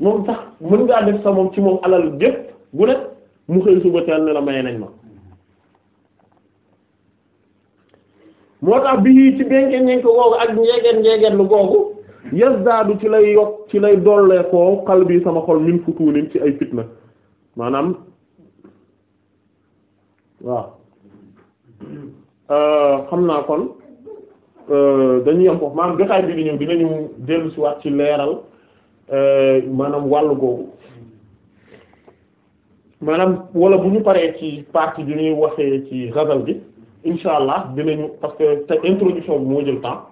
A: moom sax mën ngaa def sa moom ci moom alal gépp bu mu xëy suba teel ne la may nañ ma moo tax bi ci benken ñenk googu ak njeegeen njeegeen googu googu yasdaadu ci lay yokk ci lay dollee koo xal bi sama xol min futuunin ci ay fitna maanaam waaw euh, xam naa kon euh, dañuy yem ko maanaam jotaay bi di ñëw dinañu dellu si waat ci leeral euh, maanaam wàll googu maanaam wala bu ñu paree ci partie bi ñuy waxee ci xasal bi incha allah dinañu parce que te introduction bi moo jël temps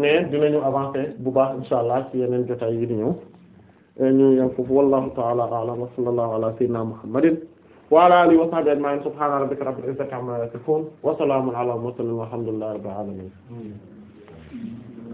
A: mais dinañu avancer bu baax incha allah ci yeneen jotaay yi di ñëw euh, ñu yem foofu wallahu ta'ala a'lam wa sallallahu ala sayyidina muhammadin wa ala alihi wa sahbihi ajma'in subhana rabbika rabbil izzati amma yasifun wa salamun ala mursalin walhamdulillahi rabbil alamin hmm.